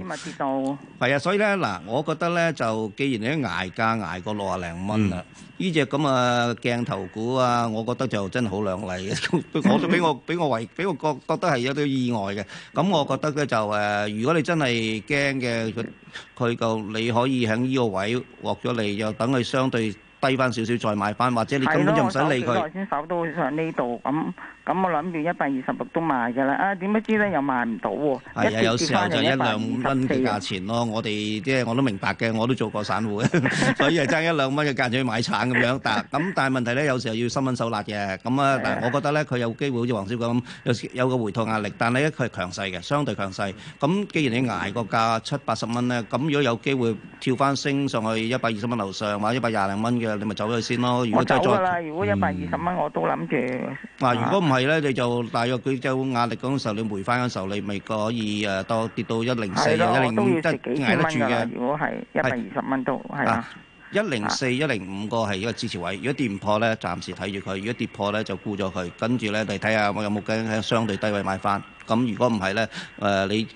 係啊，所以咧嗱，我覺得咧就既然你捱價捱過六啊零蚊啦，依隻咁啊鏡頭股啊，我覺得就真係好兩例嘅，我都俾我俾我為俾我覺覺得係有啲意外嘅。咁我覺得咧就誒，如果你真係驚嘅佢佢就你可以喺依個位獲咗利，又等佢相對。低翻少少，再買翻，或者你根本就唔使理佢。先手上呢度咁。咁我諗住一百二十六都賣嘅啦，啊點知咧又賣唔到喎？係啊，有時候就一兩蚊嘅價錢咯。我哋即係我都明白嘅，我都做過散戶，所以係爭一兩蚊嘅價錢去買橙咁樣。但係咁但係問題咧，有時候要心狠手辣嘅。咁啊，但係我覺得咧，佢有機會好似黃小姐咁，有有個回吐壓力。但係咧，佢係強勢嘅，相對強勢。咁既然你捱個價七八十蚊咧，咁如果有機會跳翻升上去一百二十蚊樓上或者一百廿零蚊嘅，你咪走咗去先咯。我走㗎啦，如果一百二十蚊我都諗住。嗱，如果唔係。係啦，你就大約佢就壓力嗰陣時候，你回翻嗰陣時候，你咪可以誒，到、呃、跌到一零四、一零五得捱得住嘅。如果係一百二十蚊都係啦，一零四、一零五個係一個支持位。如果跌唔破咧，暫時睇住佢；如果跌破咧，就沽咗佢。跟住咧，你睇下我有冇嘅喺相對低位買翻。咁如果唔係咧，誒、呃、你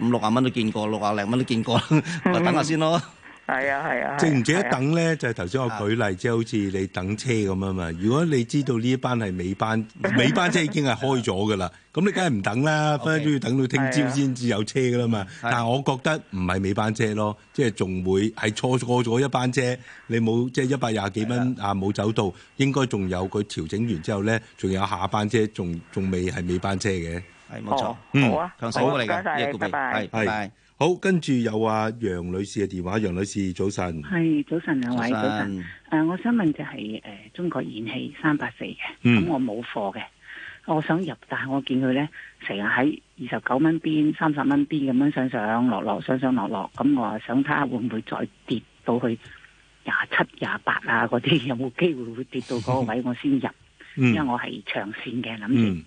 五六十蚊都見過，六啊零蚊都見過，咪等下先咯。 係啊係啊，即唔捨得等咧，就係頭先我舉例，即係好似你等車咁啊嘛。如果你知道呢班係尾班 尾班車已經係開咗嘅啦，咁 你梗係唔等啦，反正都要等到聽朝先至有車嘅啦嘛。啊、但係我覺得唔係尾班車咯，即係仲會係錯過咗一班車，你冇即係一百廿幾蚊啊冇走到，應該仲有佢調整完之後咧，仲有下班車，仲仲未係尾班車嘅。係冇錯。哦，好啊，強我嚟嘅，多謝各位，拜拜。好，跟住有阿、啊、楊女士嘅電話，楊女士早晨，係早晨兩位早晨。誒晨、呃，我想問就係、是、誒、呃，中國燃氣三八四嘅，咁我冇貨嘅，我想入，但係我見佢咧成日喺二十九蚊邊、三十蚊邊咁樣上上落落、上上落落，咁我想睇下會唔會再跌到去廿七、啊、廿八啊嗰啲，有冇機會會跌到嗰個位我先入，嗯、因為我係長線嘅諗住。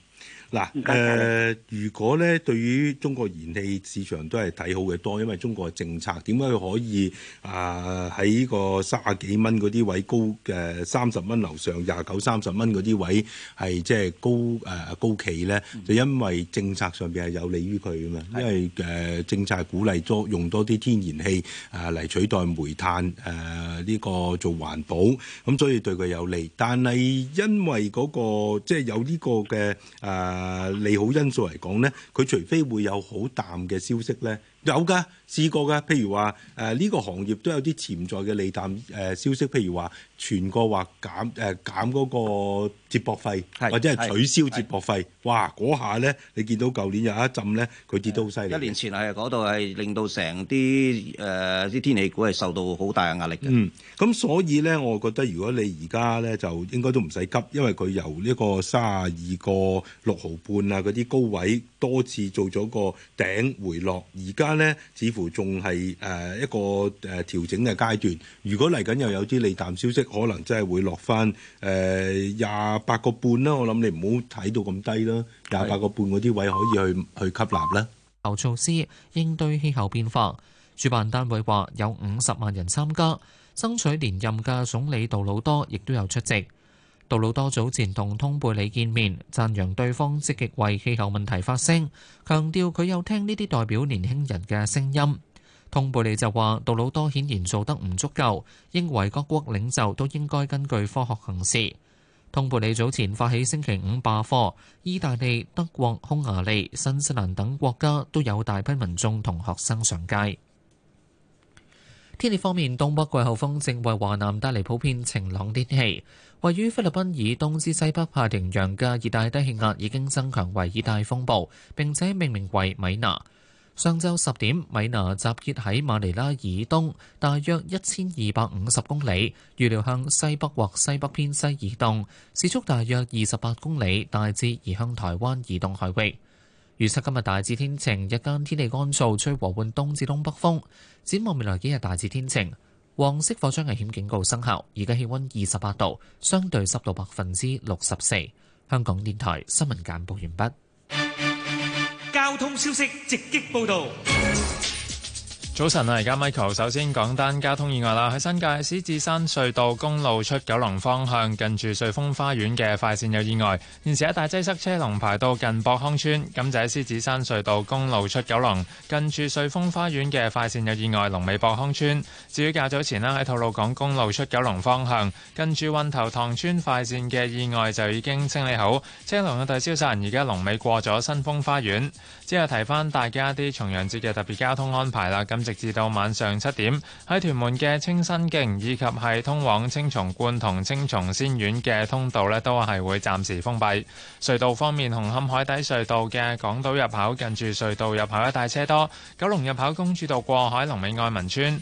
嗱誒、呃，如果咧對於中國燃氣市場都係睇好嘅多，因為中國嘅政策點解佢可以啊喺、呃、個卅幾蚊嗰啲位高嘅三十蚊樓上廿九三十蚊嗰啲位係即係高誒、呃、高企咧？就因為政策上邊係有利於佢嘅嘛，因為誒、呃、政策鼓勵多用多啲天然氣啊嚟取代煤炭誒呢、呃這個做環保，咁、呃、所以對佢有利。但係因為嗰、那個即係有呢個嘅誒。呃誒利好因素嚟講咧，佢除非會有好淡嘅消息咧。有噶，試過噶。譬如話，誒、呃、呢、這個行業都有啲潛在嘅利淡誒、呃、消息，譬如話全國話減誒減嗰個接駁費，是或者係取消接駁費。是哇！嗰下咧，你見到舊年有一浸咧，佢跌到好犀利。一年前係嗰度係令到成啲誒啲天氣股係受到好大嘅壓力嘅。嗯，咁所以咧，我覺得如果你而家咧就應該都唔使急，因為佢由呢個卅二個六毫半啊嗰啲高位多次做咗個頂回落，而家。咧，似乎仲係誒一個誒調整嘅階段。如果嚟緊又有啲利淡消息，可能真係會落翻誒廿八個半啦。我諗你唔好睇到咁低啦，廿八個半嗰啲位可以去去吸納啦。是措施應對氣候變化，主辦單位話有五十萬人參加，爭取連任嘅總理杜魯多亦都有出席。杜魯多早前同通貝里見面，讚揚對方積極為氣候問題發聲，強調佢有聽呢啲代表年輕人嘅聲音。通貝里就話：杜魯多顯然做得唔足夠，認為各國領袖都應該根據科學行事。通貝里早前發起星期五罷課，意大利、德國、匈牙利、新西蘭等國家都有大批民眾同學生上街。天氣方面，東北季候風正為華南帶嚟普遍晴朗天氣。位於菲律賓以東至西北太平洋嘅熱帶低氣壓已經增強為熱帶風暴，並且命名為米娜。上晝十點，米娜集結喺馬尼拉以東大約一千二百五十公里，預料向西北或西北偏西移動，時速大約二十八公里，大致移向台灣移動海域。預測今日大致天晴，日間天氣乾燥，吹和緩東至東北風。展望未來幾日大致天晴，黃色火災危險警告生效。而家氣溫二十八度，相對濕度百分之六十四。香港電台新聞簡報完畢。交通消息直擊報道。早晨啊！而家 Michael 首先講單交通意外啦，喺新界獅子山隧道公路出九龍方向，近住瑞豐花園嘅快綫有意外，現時一大擠塞，車龍排到近博康村，咁就喺獅子山隧道公路出九龍近住瑞豐花園嘅快綫有意外，龍尾博康村。至於較早前呢喺吐露港公路出九龍方向，近住運頭塘村快綫嘅意外就已經清理好，車龍又大消散，而家龍尾過咗新豐花園。之後提翻大家啲重陽節嘅特別交通安排啦。咁直至到晚上七點，喺屯門嘅青山徑以及係通往青松觀同青松仙苑嘅通道呢，都係會暫時封閉。隧道方面，紅磡海底隧道嘅港島入口，近住隧道入口一帶車多，九龍入口公主道過海龍尾愛民村。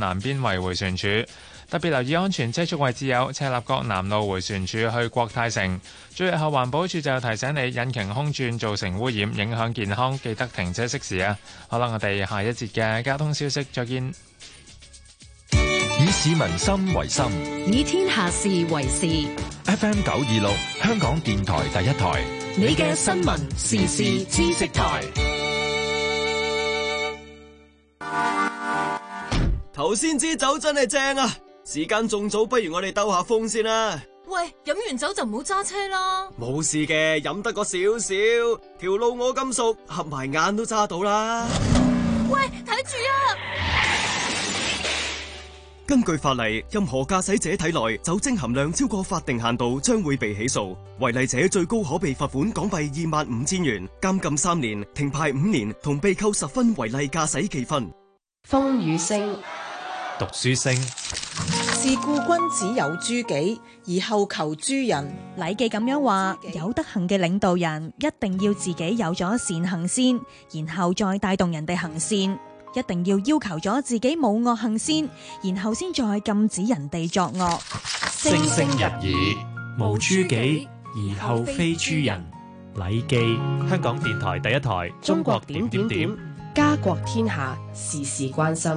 南邊為回旋處，特別留意安全車速位置有赤鱲角南路回旋處去國泰城。最後環保署就提醒你引擎空轉造成污染影響健康，記得停車熄匙啊！好啦，我哋下一節嘅交通消息再見。以市民心為心，以天下事為事。FM 九二六，香港電台第一台，你嘅新聞時事知識台。頭先支酒真係正啊！時間仲早，不如我哋兜下風先啦。喂，飲完酒就唔好揸車啦。冇事嘅，飲得個少少，條路我咁熟，合埋眼都揸到啦。喂，睇住啊！根據法例，任何駕駛者體內酒精含量超過法定限度，將會被起訴。違例者最高可被罰款港幣二萬五千元、監禁三年、停牌五年同被扣十分違例駕駛記分。風雨聲。讀書聲，是故君子有諸己，而後求諸人。禮記咁樣話：有德行嘅領導人，一定要自己有咗善行先，然後再帶動人哋行善；一定要要求咗自己冇惡行先，然後先再禁止人哋作惡。聲聲入耳，無諸己，而後非諸人。禮記，香港電台第一台，中國點點點，家國天下，事事關心。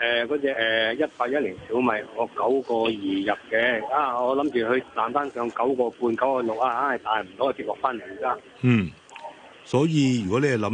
誒嗰隻誒一八一零小米，我九個二入嘅，啊，我諗住去彈翻上九個半，九個六啊，唉，彈唔到，接落翻嚟啦。嗯，所以如果你係諗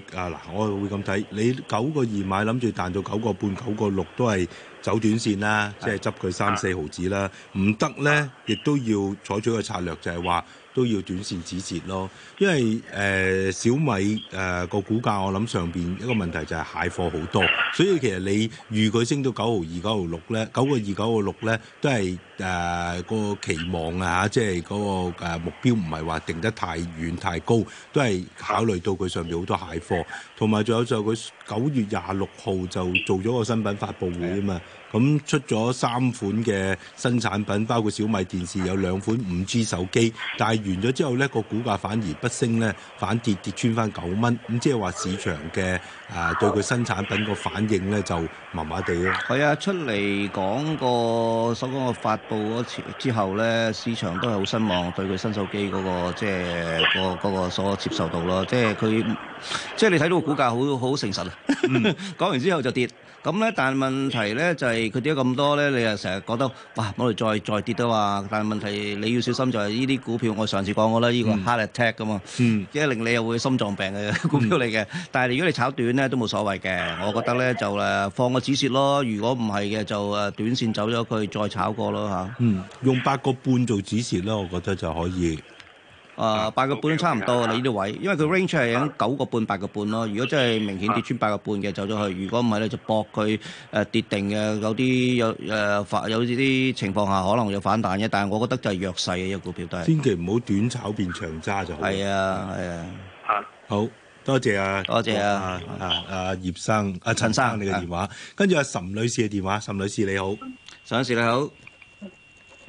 住啊嗱，我會咁睇，你九個二買，諗住彈到九個半，九個六都係走短線啦，即係執佢三四毫子啦，唔得咧，亦都要採取個策略，就係話。都要短線止蝕咯，因為誒、呃、小米誒個、呃、股價，我諗上邊一個問題就係蟹貨好多，所以其實你預佢升到九毫二、九毫六咧，九個二、九個六咧，都係誒個期望啊，即係嗰個目標唔係話定得太遠太高，都係考慮到佢上邊好多蟹貨，同埋仲有就佢九月廿六號就做咗個新品發佈會啊嘛。咁出咗三款嘅新產品，包括小米電視有兩款五 G 手機，但係完咗之後呢個股價反而不升呢，反跌跌，跌穿翻九蚊，咁即係話市場嘅誒、啊、對佢新產品個反應呢就麻麻地咯。係啊，出嚟講個所講個發布嗰次之後呢，市場都係好失望對佢新手機嗰、嗰個即係、嗰個嗰、嗰個所接受到咯，即係佢即係你睇到個股價好好誠實啊，講、嗯、 完之後就跌。咁咧，但係問題咧就係、是、佢跌咗咁多咧，你又成日覺得哇，我哋再再跌都話。但係問題你要小心就係呢啲股票，我上次講過啦，依、嗯、個 heart attack 噶嘛、嗯，即係令你又會心臟病嘅股票嚟嘅。嗯、但係如果你炒短咧都冇所謂嘅，我覺得咧就誒放個止蝕咯。如果唔係嘅，就誒短線走咗佢再炒過咯嚇。嗯，用八個半做止蝕咯，我覺得就可以。啊，八個半都差唔多啦，呢啲位，因為佢 range 係喺九個半、八個半咯。如果真係明顯跌穿八個半嘅走咗去，如果唔係咧就搏佢誒跌定嘅。有啲有誒反有啲情況下可能有反彈嘅，但係我覺得就係弱勢嘅一個股票都係。千祈唔好短炒變長揸就係。係啊，係啊。嚇，好多謝啊，多謝啊，啊啊葉生，阿陳生，你嘅電話，跟住阿岑女士嘅電話，岑女士你好，岑女士你好，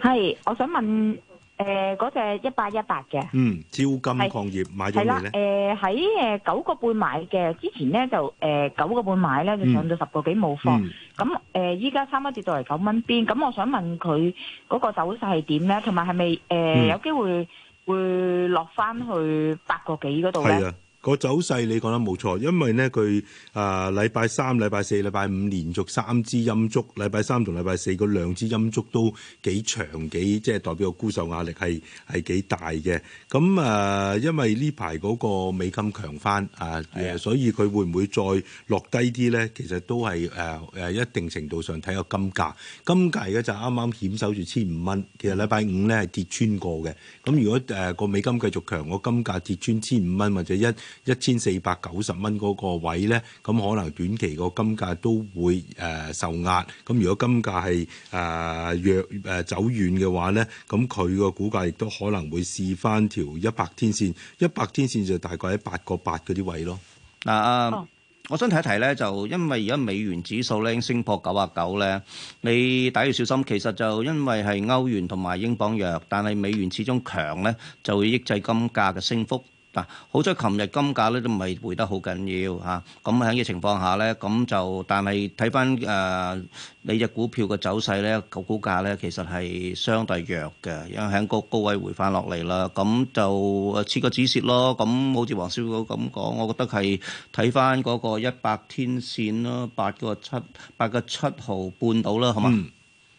係，我想問。誒，嗰隻、呃那個、一八一八嘅，嗯，招金礦業是買咗未咧？誒、喺、呃、誒九個半買嘅，之前咧就誒九個半買咧就上到十個幾冇貨，咁誒依家三一跌到嚟九蚊邊，咁我想問佢嗰個走勢係點咧？同埋係咪誒有機、呃嗯、會會落翻去八個幾嗰度咧？個走勢你講得冇錯，因為咧佢啊，禮拜三、禮拜四、禮拜五連續三支陰燭，禮拜三同禮拜四個兩支陰燭都幾長，幾即係代表個沽售壓力係係幾大嘅。咁啊、呃，因為呢排嗰個美金強返啊，呃、的所以佢會唔會再落低啲咧？其實都係誒誒一定程度上睇個金價，金價而家就啱啱險守住千五蚊。其實禮拜五咧係跌穿過嘅。咁如果誒個、呃、美金繼續強，個金價跌穿千五蚊或者一。一千四百九十蚊嗰個位咧，咁可能短期個金價都會誒、呃、受壓。咁如果金價係誒弱誒走遠嘅話咧，咁佢個股價亦都可能會試翻條一百天線。一百天線就大概喺八個八嗰啲位咯。嗱、啊，阿、呃、我想提一提咧，就因為而家美元指數咧已經升破九啊九咧，你第一要小心。其實就因為係歐元同埋英鎊弱，但係美元始終強咧，就會抑制金價嘅升幅。嗱，好彩，琴日金價咧都唔係回得好緊要嚇，咁喺呢情況下咧，咁就但係睇翻誒你隻股票嘅走勢咧，個股價咧其實係相對弱嘅，因為喺個高，高位回返落嚟啦，咁就切個止蝕咯。咁、嗯、好似黃師傅咁講，我覺得係睇翻嗰個一百天線啦，八個七八個七毫半到啦，好嘛？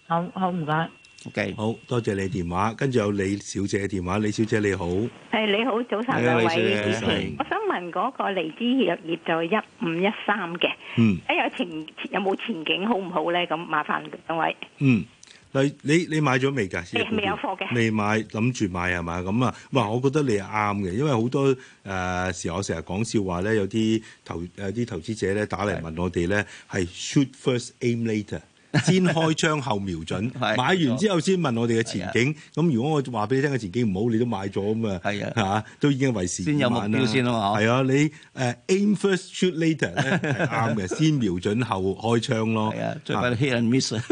好，唔該。OK，好多謝你電話，跟住有李小姐嘅電話。李小姐你好，係你好，早晨啊，李小姐，我想問嗰個麗珠藥業就一五一三嘅，嗯，哎有前有冇前景好唔好咧？咁麻煩兩位，嗯，嗱，你你買咗未噶？未未有貨嘅，未買諗住買係嘛？咁啊，唔係，我覺得你係啱嘅，因為好多誒時候我成日講笑話咧，有啲投有啲投資者咧打嚟問我哋咧係 shoot first aim later。 先開槍後瞄準，是買完之後先問我哋嘅前景。咁、啊、如果我話俾你聽嘅前景唔好，你都買咗咁啊，嚇、啊、都已經為時已晚啦。係啊，你誒、uh, aim first shoot later 咧，啱嘅，先瞄準後開槍咯。啊、最弊 hit and miss。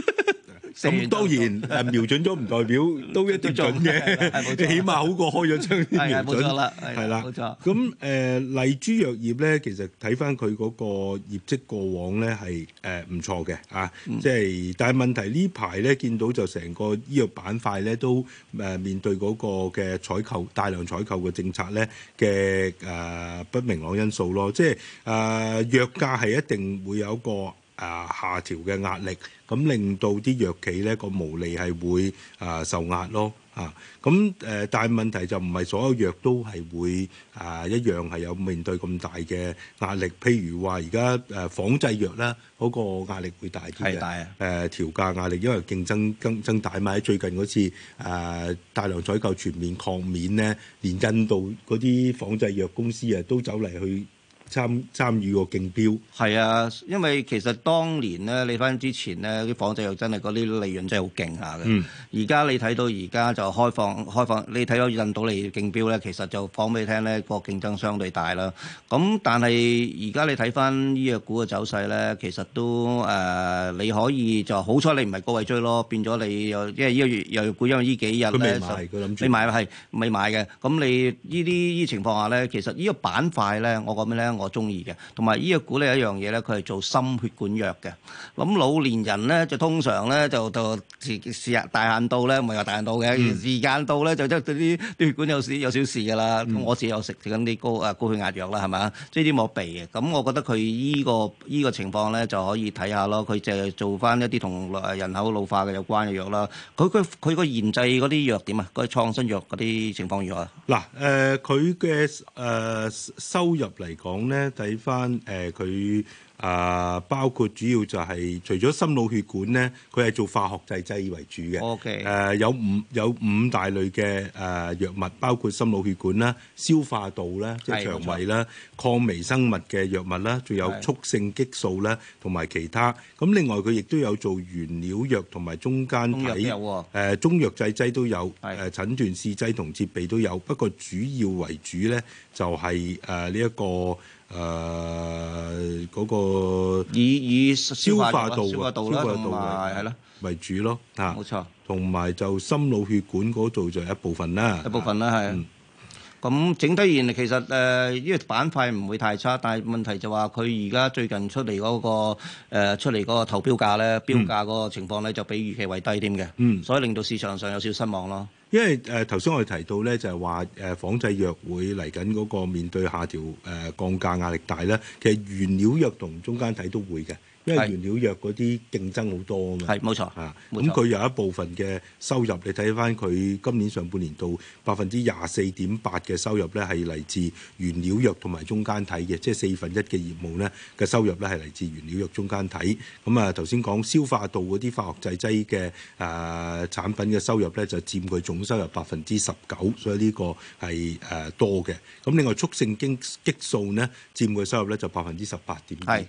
咁當然誒瞄準咗唔代表都一定準嘅，起碼好過開咗槍瞄準。係冇錯啦，係啦，冇錯。咁誒，麗珠藥業咧，其實睇返佢嗰個業績過往咧係誒唔錯嘅啊，即係但係問題呢排咧見到就成個醫藥板塊咧都誒面對嗰個嘅採購大量採購嘅政策咧嘅誒不明朗因素咯，即係誒藥價係一定會有一個。啊，下調嘅壓力，咁令到啲藥企咧個毛利係會啊受壓咯，啊，咁誒，但係問題就唔係所有藥都係會啊一樣係有面對咁大嘅壓力，譬如話而家誒仿製藥咧，嗰個壓力會大啲，係大啊，誒、呃、調價壓力，因為競爭更增大嘛，喺最近嗰次誒、啊、大量採購全面擴面咧，連印度嗰啲仿製藥公司啊都走嚟去，參參與個競標係啊，因為其實當年咧，你翻之前咧，啲房仔又真係嗰啲利潤真係好勁下嘅。而家、嗯、你睇到而家就開放開放，你睇印度嚟競標咧，其實就講俾你聽咧，個競爭相對大啦。咁但係而家你睇翻呢隻股嘅走勢咧，其實都誒、呃，你可以就好彩你唔係高位追咯，變咗你又因為呢個月又要估因為呢幾日咧，你買係未買嘅？咁你呢啲情況下咧，其實呢個板塊咧，我講咩咧？我我中意嘅，同埋依個股咧一樣嘢咧，佢係做心血管藥嘅。咁老年人咧就通常咧就就時日大限到咧，唔係話大限到嘅時間到咧，就即係對啲血管有少有少事㗎啦。我自己有食緊啲高啊高血壓藥啦，係咪？即係啲冇鼻嘅。咁我覺得佢依、這個依、這個情況咧就可以睇下咯。佢就係做翻一啲同人口老化嘅有關嘅藥啦。佢佢佢個研製嗰啲藥點啊？嗰個創新藥嗰啲情況如何啊？嗱誒、呃，佢嘅誒收入嚟講。咧睇翻誒佢啊，包括主要就係、是、除咗心腦血管咧，佢係做化學製劑為主嘅。O K，誒有五有五大類嘅誒、呃、藥物，包括心腦血管啦、消化道啦、即係腸胃啦、抗微生物嘅藥物啦，仲有促性激素啦，同埋是其他。咁另外佢亦都有做原料藥同埋中間體。中藥有喎、呃、中藥製劑都有，誒是診斷試劑同設備都有。不過主要為主咧，就係誒呢一個。就是這個誒嗰、啊那個以以消化，消化，消化道、消化道啦，同為主咯嚇。冇錯的，同埋的就心腦血管嗰度就一部分啦，一部分啦係。咁的、嗯、整體而其實誒呢個板塊唔會太差，但係問題就話佢而家最近出嚟嗰、那個、呃、出嚟嗰個投標價咧，標價嗰個情況咧、嗯、就比預期為低添嘅。嗯，所以令到市場上有少失望咯。因為誒頭先我哋提到咧，就係話誒仿製藥會嚟緊嗰個面對下調誒、呃、降價壓力大咧，其實原料藥同中間體都會嘅。因為原料藥嗰啲競爭好多啊嘛，係冇錯啊，咁佢錯有一部分嘅收入，你睇返佢今年上半年度百分之廿四點八嘅收入咧，係嚟自原料藥同埋中間體嘅，即係四分一嘅業務咧嘅收入咧係嚟自原料藥中間體。咁、嗯、啊，頭先講消化道嗰啲化學製劑劑嘅誒產品嘅收入咧，就佔佢總收入百分之十九，所以呢個係誒多嘅。咁、嗯、另外促性激激素咧，佔佢收入咧就百分之十八點二。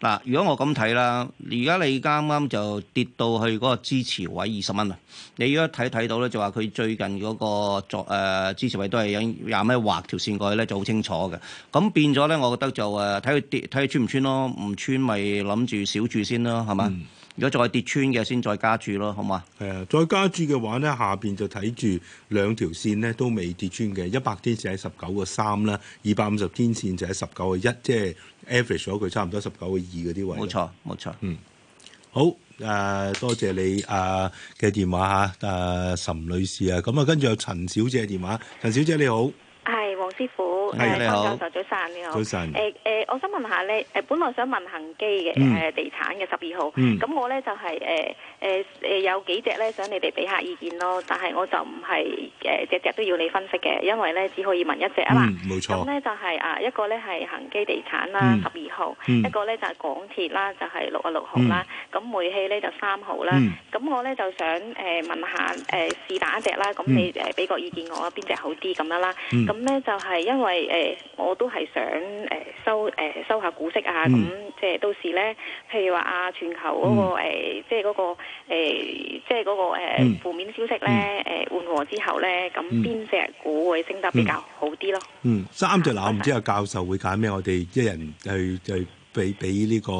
嗱，如果我咁睇啦，而家你啱啱就跌到去嗰個支持位二十蚊啊！你如果一睇睇到咧，就話佢最近嗰個作誒、呃、支持位都係有廿咩劃條線過去咧，就好清楚嘅。咁變咗咧，我覺得就誒睇佢跌，睇佢穿唔穿咯。唔穿咪諗住少住先咯，係嘛？嗯如果再跌穿嘅，先再加注咯，好嘛？係啊，再加注嘅話咧，下邊就睇住兩條線咧都未跌穿嘅，一百天線喺十九個三啦，二百五十天線就喺十九個一，即係 average 咗佢差唔多十九個二嗰啲位。冇錯，冇錯。嗯，好誒、呃，多謝你阿嘅、呃、電話吓，誒、呃、岑女士啊，咁啊，跟住有陳小姐嘅電話，陳小姐你好。係，黃師傅，係是、呃、你好，教授早晨，你好，早晨上。誒誒、呃呃，我想問下咧，誒、呃、本來想問恒基嘅，誒、呃、地產嘅十二號，咁、嗯、我咧就係、是、誒。呃誒誒有幾隻咧，想你哋俾下意見咯。但係我就唔係誒隻隻都要你分析嘅，因為咧只可以問一隻啊嘛。冇錯。咁咧就係啊一個咧係恒基地產啦，十二號；一個咧就係港鐵啦，就係六啊六號啦。咁煤氣咧就三號啦。咁我咧就想誒問下誒試打一隻啦。咁你誒俾個意見我啊，邊隻好啲咁樣啦？咁咧就係因為誒我都係想誒收誒收下股息啊。咁即係到時咧，譬如話啊全球嗰個誒即係嗰個。誒、呃，即係嗰、那個誒、呃、負面消息咧，誒、嗯，緩、呃、和之後咧，咁邊隻股會升得比較好啲咯嗯？嗯，三隻樓，唔、嗯、知阿教授會揀咩？我哋一人去、嗯、去。去俾俾呢個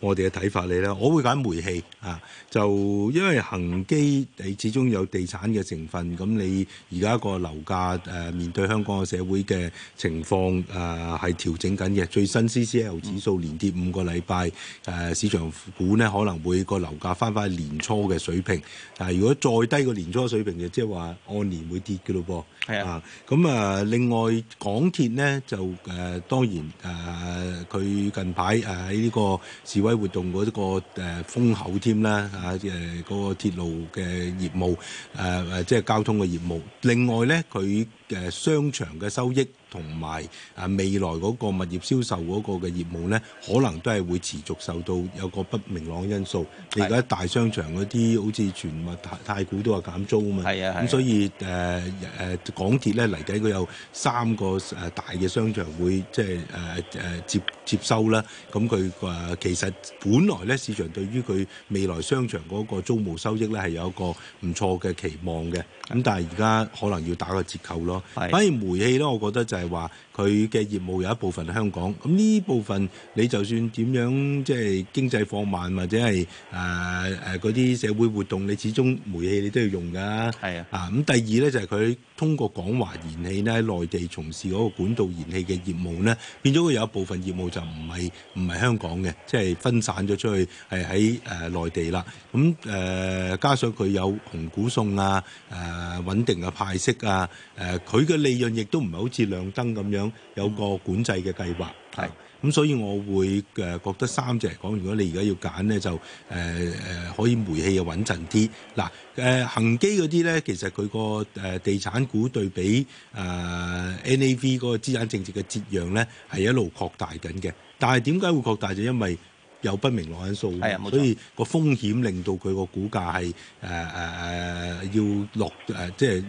我哋嘅睇法你啦，我會揀煤氣啊，就因為恒基你始終有地產嘅成分，咁你而家個樓價誒、啊、面對香港嘅社會嘅情況誒係、啊、調整緊嘅，最新 CCL 指數連跌五個禮拜，誒、啊、市場股呢可能會個樓價翻返去年初嘅水平，但、啊、係如果再低個年初水平就即係話按年會跌嘅咯噃。係的啊，咁啊另外港鐵呢，就誒、啊、當然誒佢、啊、近排。誒喺呢個示威活動嗰、那、一個誒、呃、風口添啦，啊誒嗰、呃這個鐵路嘅業務，誒、呃、誒即係交通嘅業務。另外咧，佢誒、呃、商場嘅收益。同埋啊，未來嗰個物業銷售嗰個嘅業務咧，可能都係會持續受到有個不明朗因素。你而家大商場嗰啲好似全物太、太古都話減租啊嘛，咁所以誒誒、呃，港鐵咧，嚟緊佢有三個誒、呃、大嘅商場會即係誒誒接接收啦。咁佢誒其實本來咧，市場對於佢未來商場嗰個租務收益咧係有一個唔錯嘅期望嘅。咁但係而家可能要打個折扣咯。是反而煤氣咧，我覺得就係話。佢嘅業務有一部分喺香港，咁呢部分你就算點樣即係經濟放慢或者係誒誒嗰啲社會活動你始終煤氣你都要用噶，係的啊，啊咁第二咧就係、是、佢通過港華燃氣咧喺內地從事嗰個管道燃氣嘅業務咧，變咗佢有一部分業務就唔係唔係香港嘅，即、就、係、是、分散咗出去係喺誒內地啦。咁、啊、誒加上佢有紅股送啊，誒、啊、穩定嘅派息啊，誒佢嘅利潤亦都唔係好似亮燈咁樣。有個管制嘅計劃，係咁、嗯是嗯，所以我會嘅、呃、覺得三隻嚟講，如果你而家要揀咧，就誒誒、呃呃、可以煤氣又穩陣啲。嗱、呃，誒、呃、恆基嗰啲咧，其實佢個誒地產股對比誒、呃、NAV 嗰個資產淨值嘅折讓咧，係一路擴大緊嘅。但係點解會擴大就因為？有不明朗因素，的所以個錯風險令到佢個股價係誒誒誒要落誒、呃，即係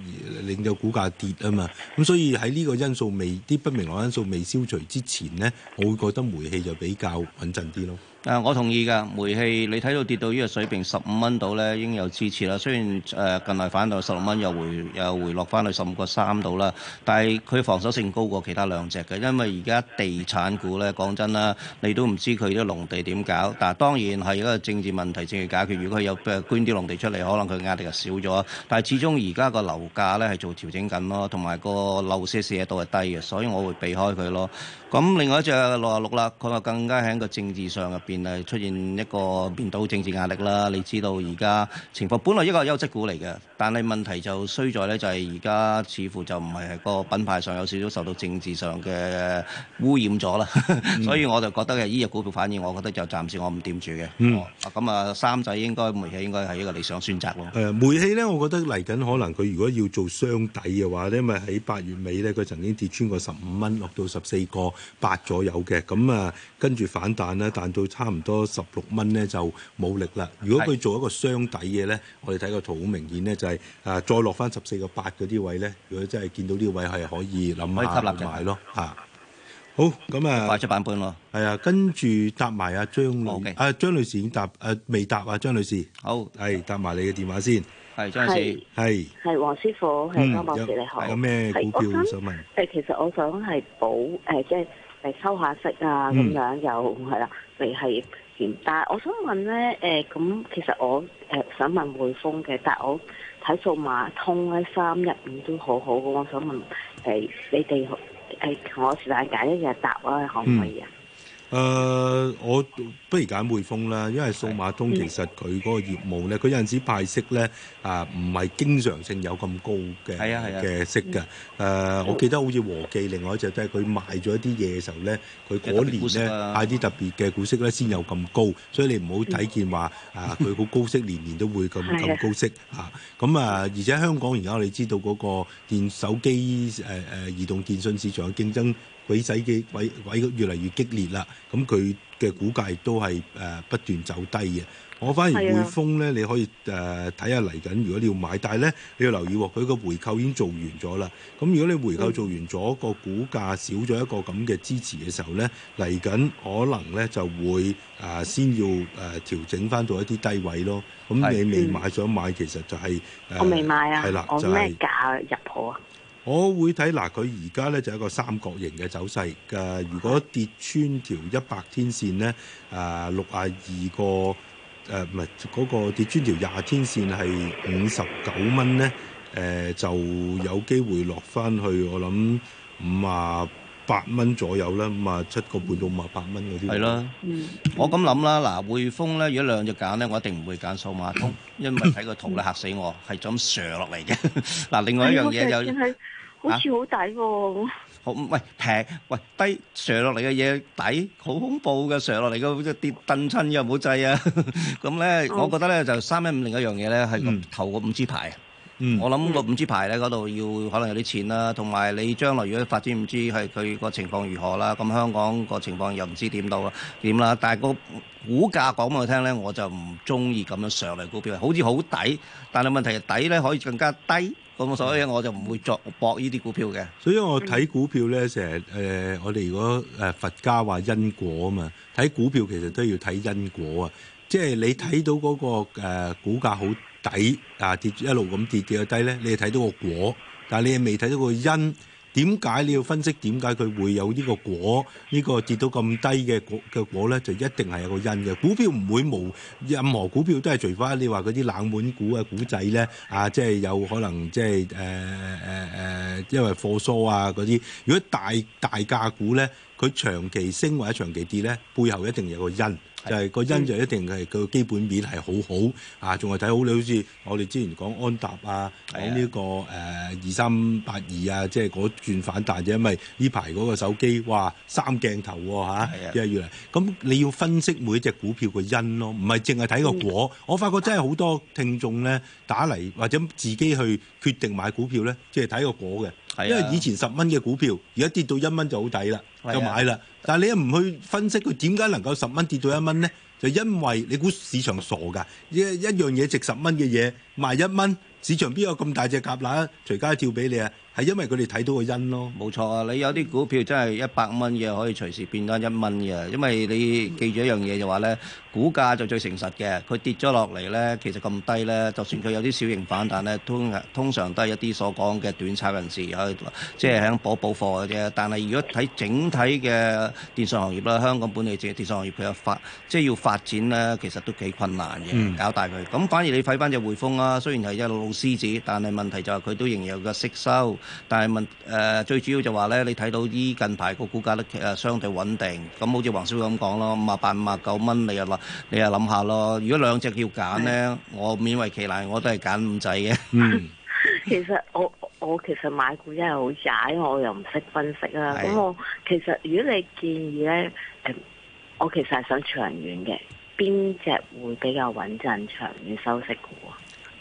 令到股價跌啊嘛。咁所以喺呢個因素未啲不明朗因素未消除之前呢，我會覺得煤氣就比較穩陣啲咯。誒，我同意噶，煤氣你睇到跌到呢個水平十五蚊度咧，已經有支持啦。雖然誒、呃、近來反到十六蚊又回又回落翻去十五個三度啦，但係佢防守性高過其他兩隻嘅，因為而家地產股咧講真啦，你都唔知佢啲農地點搞。但係當然係一個政治問題，政治解決。如果佢有捐啲農地出嚟，可能佢壓力就少咗。但係始終而家個樓價咧係做調整緊咯，同埋個樓市寫度係低嘅，所以我會避開佢咯。咁另外一隻六啊六啦，佢話更加喺個政治上入邊係出現一個面到政治壓力啦。你知道而家情況，本來一個優質股嚟嘅，但係問題就衰在咧，就係而家似乎就唔係喺個品牌上有少少受到政治上嘅污染咗啦。嗯、 所以我就覺得嘅呢隻股票反應，我覺得就暫時我唔掂住嘅。嗯。咁啊、哦，三仔應該煤氣應該係一個理想選擇咯。誒、嗯，煤氣咧，我覺得嚟緊可能佢如果要做雙底嘅話咧，因為喺八月尾咧，佢曾經跌穿過十五蚊，落到十四個。八左右嘅，咁啊跟住反彈啦，彈到差唔多十六蚊咧就冇力啦。如果佢做一個雙底嘅咧，是我哋睇個圖好明顯咧，就係、是、啊再落翻十四個八嗰啲位咧。如果真係見到呢個位，係可以諗下買咯嚇。好，咁啊，賣出版本咯。係啊，跟住答埋阿張，阿張女士已經答，誒未答啊？張女士，好，係，答埋你嘅電話先。係，係，係黃師傅，係關博士，嗯、你好。有咩股票想，想問？誒、啊嗯，其實我想係保，誒，即係誒收下息啊，咁樣又係啦，嚟係，但係我想問咧，誒，咁其實我誒想問匯豐嘅，但係我睇數碼通咧三一五都好好，我想問，係、欸、你哋，誒、欸，我時間揀，一日答啦，可唔可以啊？嗯誒，uh, 我不如揀匯豐啦，因為數碼通其實佢嗰個業務咧，佢的有陣時派息咧，啊，唔係經常性有咁高嘅，係啊係啊嘅息㗎。誒的，uh, 我記得好似和記另外一隻都係佢賣咗一啲嘢嘅時候咧，佢嗰年咧派啲特別嘅股息咧先有咁高，所以你唔好睇見話的啊，佢好高息，年年都會咁咁高息啊。咁的啊，而且香港而家你知道嗰個電手機誒誒、啊、移動電信市場嘅競爭。鬼仔嘅位鬼越嚟越激烈啦，咁佢嘅股價都係誒不斷走低嘅。我反而匯豐咧，你可以誒睇、呃、下嚟緊，如果你要買，但係咧你要留意喎、哦，佢個回購已經做完咗啦。咁如果你回購做完咗，個、嗯、股價少咗一個咁嘅支持嘅時候咧，嚟緊可能咧就會誒、呃、先要誒調整翻到一啲低位咯。咁你未買想買，其實就係、是呃、我未買啊，係啦我咩價入好啊？我會睇嗱，佢而家咧就一個三角形嘅走勢嘅、呃。如果跌穿條一百天線咧，誒六啊二個誒，唔係嗰個跌穿條廿天線係五十九蚊咧，誒、呃、就有機會落翻去我諗五啊八蚊左右啦，五、呃、啊七個半到五啊八蚊嗰啲。係啦、嗯，我咁諗啦，嗱、呃，匯豐咧，如果兩隻揀咧，我一定唔會揀數碼通， 因為睇個圖咧嚇死我，係咁上落嚟嘅。嗱， 另外一樣嘢就～ 好似好抵喎！好、啊、喂，平喂低，上落嚟嘅嘢抵，好恐怖嘅上落嚟嘅，好似跌崩親又唔好制啊！咁咧， 呢嗯、我覺得咧就三一五零一樣嘢咧，係個投個五 G 牌。嗯，我諗個五 G 牌咧嗰度，要可能要有啲錢啦，同埋你將來如果發展唔知係佢個情況如何啦？咁香港個情況又唔知點到點啦。但係個股價講俾我聽咧，我就唔中意咁樣上嚟股票，好似好抵，但係問題係底咧可以更加低。低咁所以我就唔會作搏呢啲股票嘅。所以我睇股票咧，成日誒、呃、我哋如果誒佛家話因果啊嘛，睇股票其實都要睇因果啊。即係你睇到嗰、那個誒、呃、股價好抵，啊，跌一路咁跌跌咗低咧，你係睇到個果，但係你係未睇到個因。點解你要分析點解佢會有呢個果？呢個跌到咁低嘅果嘅果咧，就一定係有個因嘅。股票唔會冇，任何股票都係除翻，你話嗰啲冷門股啊股仔咧啊，即係有可能即係誒誒誒因為貨疏啊嗰啲。如果大大價股咧，佢長期升或者長期跌咧，背後一定有個因。就係個因就一定係個基本面係好好啊，仲係睇好你，好似我哋之前講安踏啊，喺呢個誒二三八二啊，即係嗰轉反彈啫，因為呢排嗰個手機哇三鏡頭吓、啊，一係要嚟，咁、啊、你要分析每一隻股票嘅因咯，唔係淨係睇個果。啊、我發覺真係好多聽眾咧打嚟或者自己去決定買股票咧，即係睇個果嘅，啊、因為以前十蚊嘅股票，而家跌到一蚊就好抵啦。就買啦！但係你又唔去分析佢點解能夠十蚊跌到一蚊呢？就因為你估市場傻㗎，一一樣嘢值十蚊嘅嘢賣一蚊，市場邊有咁大隻鴿乸隨街跳俾你啊？係因為佢哋睇到個因咯。冇錯啊！你有啲股票真係一百蚊嘅可以隨時變翻一蚊嘅，因為你記住一樣嘢就話呢。股價就最誠實嘅，佢跌咗落嚟咧，其實咁低咧，就算佢有啲小型反彈咧，通通常都係一啲所講嘅短炒人士，可以即係肯補補貨嘅啫。但係如果睇整體嘅電信行業啦，香港本地電電信行業佢嘅發即係要發展咧，其實都幾困難嘅，搞大佢。咁、mm. 反而你睇翻隻匯豐啦，雖然係隻老獅子，但係問題就係佢都仍然有個息收。但係問誒、呃、最主要就話咧，你睇到啲近排個股價咧誒相對穩定，咁好似黃少咁講咯，五八五九蚊，你又話。你又諗下咯，如果兩隻要揀呢，的我勉為其難，我都係揀五仔嘅。嗯， 其實我我其實買股真係好曳，我又唔識分析啦。咁的我其實如果你建議呢，我其實係想長遠嘅，邊隻會比較穩陣，長遠收息股。話？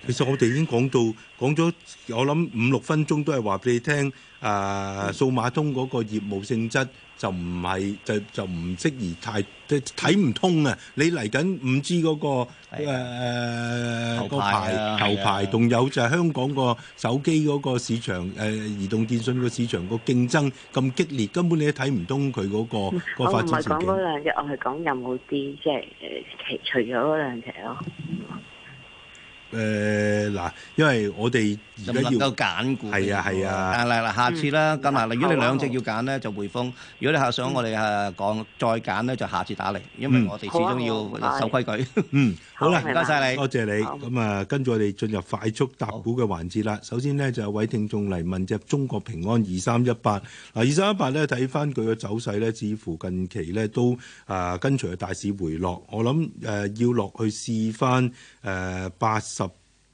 其實我哋已經講到講咗，我諗五六分鐘都係話俾你聽。誒，數碼通嗰個業務性質就唔係就就唔適宜太即係睇唔通啊！你嚟緊五 G 嗰個誒個牌頭排，仲有就係香港個手機嗰個市場，誒移動電信個市場個競爭咁激烈，根本你都睇唔通佢嗰個個發展前景。我唔係講嗰兩隻，我係講有冇啲即係誒，除咗嗰兩隻咯。誒，嗱、呃，因為我哋。就能夠揀股係啊，係啊。嗱嗱，下次啦。咁嗱，如果你兩隻要揀咧，就匯豐。如果你下想我哋誒講再揀咧，就下次打嚟，因為我哋始終要守規矩。嗯，好啦，多謝你，多謝你。咁啊，跟住我哋進入快速答股嘅環節啦。首先咧，就有位聽眾嚟問隻，中國平安二三一八嗱，二三一八咧，睇翻佢嘅走勢咧，似乎近期咧都啊跟隨大市回落。我諗誒要落去試翻誒八十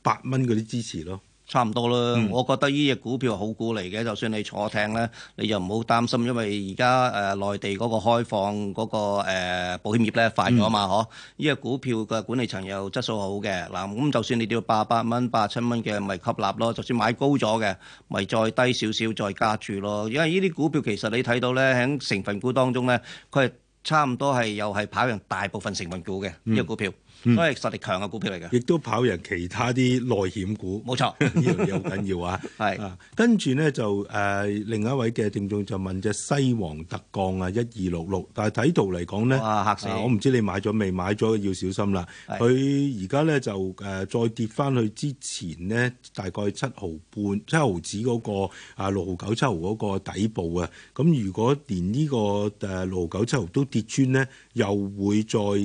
八蚊嗰啲支持咯。差唔多啦，嗯、我覺得呢隻股票好股嚟嘅，就算你坐艇咧，你就唔好擔心，因為而家誒內地嗰個開放嗰、嗰個、呃、保險業咧快咗啊嘛，嗬、嗯！呢隻股票嘅管理層又質素好嘅，嗱咁就算你跌到八百蚊、八七蚊嘅，咪吸納咯，就算買高咗嘅，咪再低少少再加注咯。因為呢啲股票其實你睇到咧，喺成分股當中咧，佢係差唔多係又係跑贏大部分成分股嘅依、嗯、個股票。都係實力強嘅股票嚟嘅，亦都跑贏其他啲內險股。冇錯，呢樣嘢好緊要啊！係。跟住咧就誒，另一位嘅聽眾就問隻西王特鋼啊，一二六六。但係睇圖嚟講咧，嚇，我唔知你買咗未？買咗要小心啦。佢而家咧就誒再跌翻去之前呢，大概七毫半、七毫子嗰個啊六毫九、七毫嗰個底部啊。咁如果連呢個誒六毫九、七毫都跌穿呢，又會再誒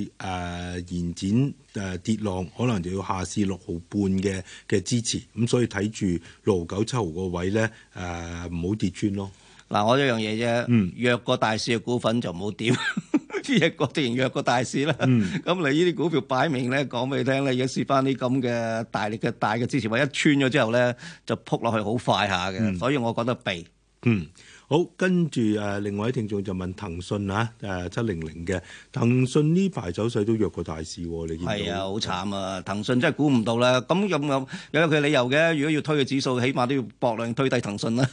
延展。誒、呃，跌浪可能就要下試六毫半嘅嘅支持，咁、嗯、所以睇住六毫九、七毫個位咧，誒、呃，唔好跌穿咯。嗱，我一樣嘢啫，嗯、弱過大市嘅股份就唔好呢一個突然弱過大市啦。咁、嗯、你呢啲股票擺明咧，講俾你聽咧，要試翻啲咁嘅大力嘅大嘅支持，話一穿咗之後咧，就撲落去好快下嘅，嗯、所以我覺得避。嗯。好，跟住誒，另外一位聽眾就問騰訊嚇誒七零零嘅騰訊呢排走勢都弱過大市，你見到？係啊，好慘啊！騰訊真係估唔到啦。咁咁有佢理由嘅，如果要推嘅指數，起碼都要薄量推低騰訊啦。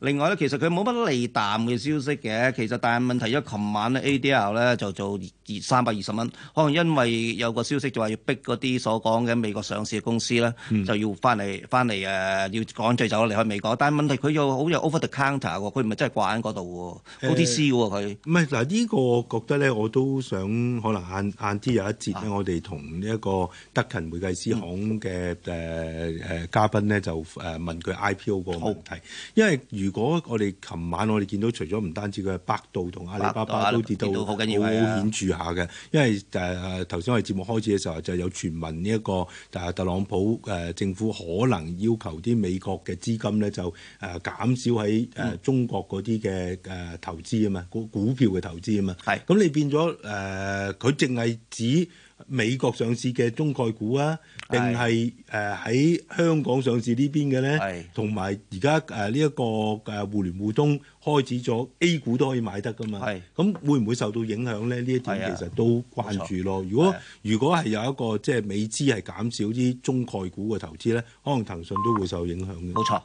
另外咧，其實佢冇乜利淡嘅消息嘅，其實但係問題，因為琴晚咧 ADR 咧就做二三百二十蚊，可能因為有個消息就話要逼嗰啲所講嘅美國上市嘅公司咧，就要翻嚟翻嚟誒，要趕最走離開美國。但係問題佢有好有 over the counter 個，佢唔係，真係掛喺嗰度喎，O T C 喎佢。唔係嗱，呢個我覺得咧，我都想可能晏晏啲有一節咧，啊、我哋同呢一個德勤會計師行嘅誒誒嘉賓咧，就誒、嗯呃、問佢 I P O 個問題。好因為如果我哋琴晚我哋見到，除咗唔單止佢喺百度同阿里巴巴道都跌到好緊要，好顯著下嘅，因為誒頭先我哋節目開始嘅時候就有傳聞呢一個誒特朗普誒政府可能要求啲美國嘅資金咧，就誒減少喺誒中國。嗯嗰啲嘅誒投資啊嘛，股股票嘅投資啊嘛，係咁的你變咗誒，佢淨係指美國上市嘅中概股啊，定係誒喺香港上市邊呢邊嘅咧？係同埋而家誒呢一個誒互聯互通開始咗，A 股都可以買得噶嘛，係咁的會唔會受到影響咧？呢一點其實都關注咯的。如果如果係有一個即係、就是、美資係減少啲中概股嘅投資咧，可能騰訊都會受影響嘅。冇的錯。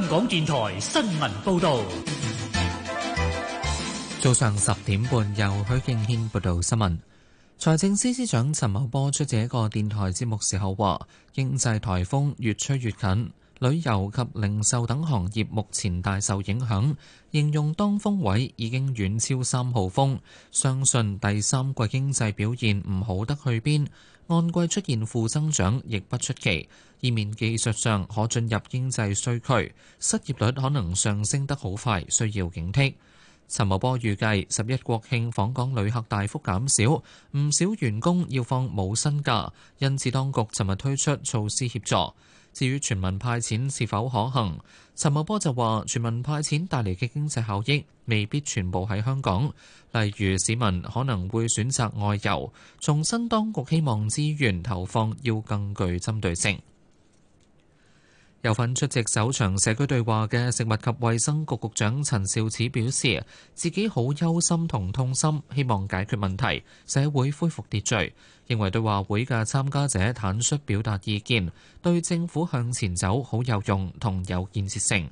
香港電台新聞報道，早上十點半由許敬軒報道新聞。財政司司長陳茂波出席一個電台節目時候話經濟台風越吹越近，旅遊及零售等行業目前大受影響，形容當風位已經遠超三號風，相信第三季經濟表現唔好得去邊。按季出現負增長亦不出奇，以免技術上可進入經濟衰退，失業率可能上升得好快，需要警惕。陳茂波預計十一國慶訪港旅客大幅減少，唔少員工要放冇薪假，因此當局尋日推出措施協助。至於全民派錢是否可行，陳茂波就話：全民派錢帶嚟嘅經濟效益未必全部喺香港，例如市民可能會選擇外遊。重新，當局希望資源投放要更具針對性。有份出席首場社區對話嘅食物及衛生局局長陳肇始表示，自己好憂心同痛心，希望解決問題，社會恢復秩序。認為對話會嘅參加者坦率表達意見，對政府向前走好有用同有建設性。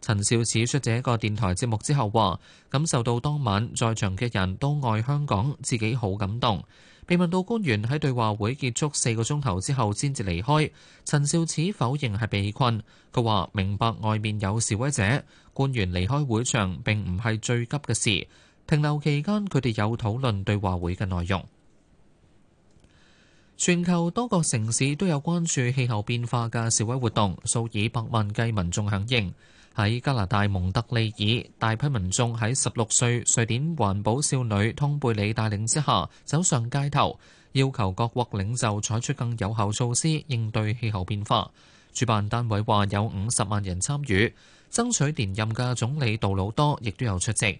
陳肇始出席這個電台節目之後話，感受到當晚在場嘅人都愛香港，自己好感動。被問到官員喺對話會結束四個鐘頭之後先至離開，陳肇始否認係被困。佢話明白外面有示威者，官員離開會場並唔係最急嘅事。停留期間，佢哋有討論對話會嘅內容。全球多個城市都有關注氣候變化嘅示威活動，數以百萬計民眾響應。喺加拿大蒙特利爾，大批民眾喺十六歲瑞典環保少女通貝里帶領之下走上街頭，要求各國領袖採取更有效措施應對氣候變化。主辦單位話有五十萬人參與，爭取連任嘅總理杜魯多亦都有出席。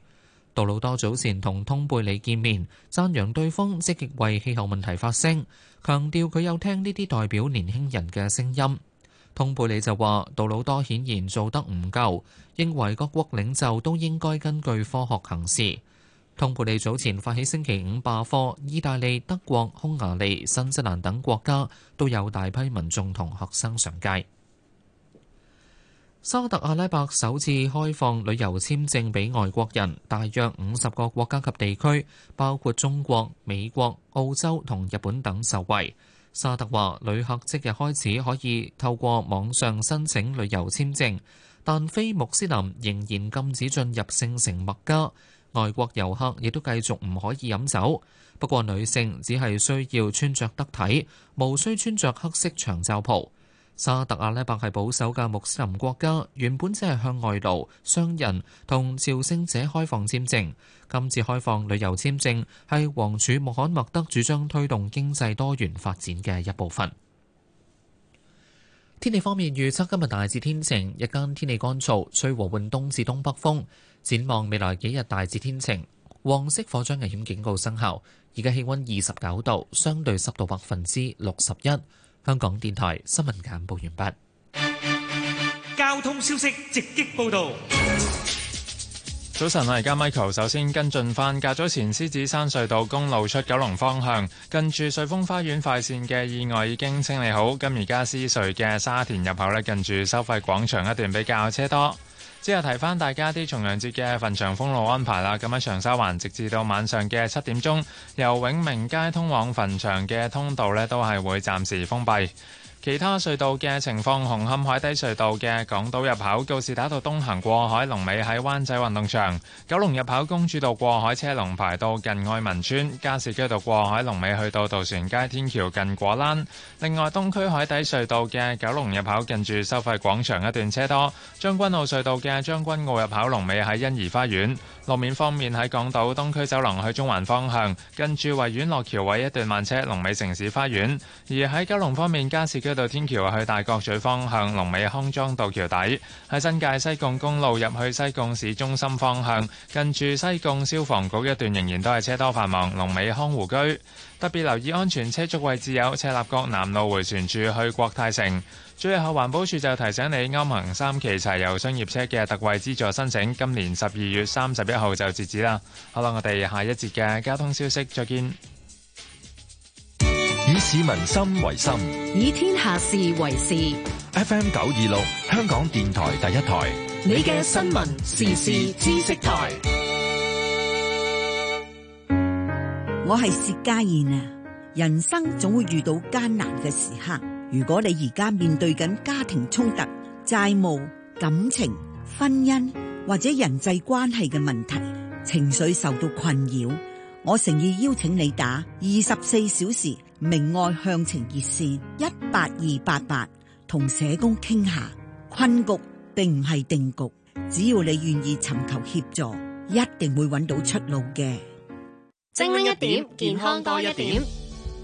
杜魯多早前同通貝里見面，讚揚對方積極為氣候問題發聲，強調佢有聽呢啲代表年輕人嘅聲音。通貝利就話：杜魯多顯然做得唔夠，認為各國領袖都應該根據科學行事。通貝利早前發起星期五罷課，意大利、德國、匈牙利、新西蘭等國家都有大批民眾同學生上街。沙特阿拉伯首次開放旅遊簽證俾外國人，大約五十個國家及地區，包括中國、美國、澳洲同日本等受惠。沙特話，旅客即日開始可以透過網上申請旅遊簽證，但非穆斯林仍然禁止進入聖城麥加。外國遊客亦都繼續唔可以飲酒，不過女性只係需要穿着得體，無需穿着黑色長袖袍。沙特阿拉伯係保守嘅穆斯林國家，原本只係向外勞、商人同朝聖者開放簽證。今次開放旅遊簽證係王儲穆罕默德主張推動經濟多元發展嘅一部分。天氣方面預測今日大致天晴，日間天氣乾燥，吹和緩東至東北風。展望未來幾日大致天晴。黃色火災危險警告生效。而家氣温二十九度，相對濕度百分之六十一。香港電台新聞簡報完畢。交通消息直擊報道。早晨，我而家 Michael，首先跟進翻，較早前獅子山隧道公路出九龍方向，近住瑞豐花園快線嘅意外已經清理好。咁而家獅隧嘅沙田入口咧，近住收費廣場一段比較車多。之後提翻大家啲重陽節嘅墳場封路安排啦。咁喺長沙灣，直至到晚上嘅七點鐘，由永明街通往墳場嘅通道呢都係會暫時封閉。其他隧道嘅情況，紅磡海底隧道嘅港島入口、告士打道東行過海龍尾喺灣仔運動場；九龍入口公主道過海車龍排到近愛民村；加士居道過海龍尾去到渡船街天橋近果欄。另外，東區海底隧道嘅九龍入口近住收費廣場一段車多；將軍澳隧道嘅將軍澳入口龍尾喺欣怡花園。路面方面喺港島東區走廊去中環方向，近住維園落橋位一段慢車，龍尾城市花園。而喺九龍方面，加士居。追到天橋去大角咀方向，龍尾康莊道橋底；喺新界西貢公路入去西貢市中心方向，近住西貢消防局一段仍然都係車多繁忙，龍尾康湖居。特別留意安全車速位置有：赤鱲角南路回旋處去國泰城。最後，環保署就提醒你，歐盟三期柴油商業車嘅特惠資助申請，今年十二月三十一號就截止啦。好啦，我哋下一節嘅交通消息，再見。以市民心為心，以天下事為事。FM 九二六，香港電台第一台，你嘅新聞時事知識台。我係薛家燕啊！人生總會遇到艱難嘅時刻。如果你而家面對緊家庭衝突、債務、感情、婚姻或者人際關係嘅問題，情緒受到困擾，我誠意邀請你打二十四小時。明愛向晴熱線一八二八八，同社工傾下。困局並唔係定局，只要你願意尋求協助，一定會揾到出路嘅。精明一點，健康多一點。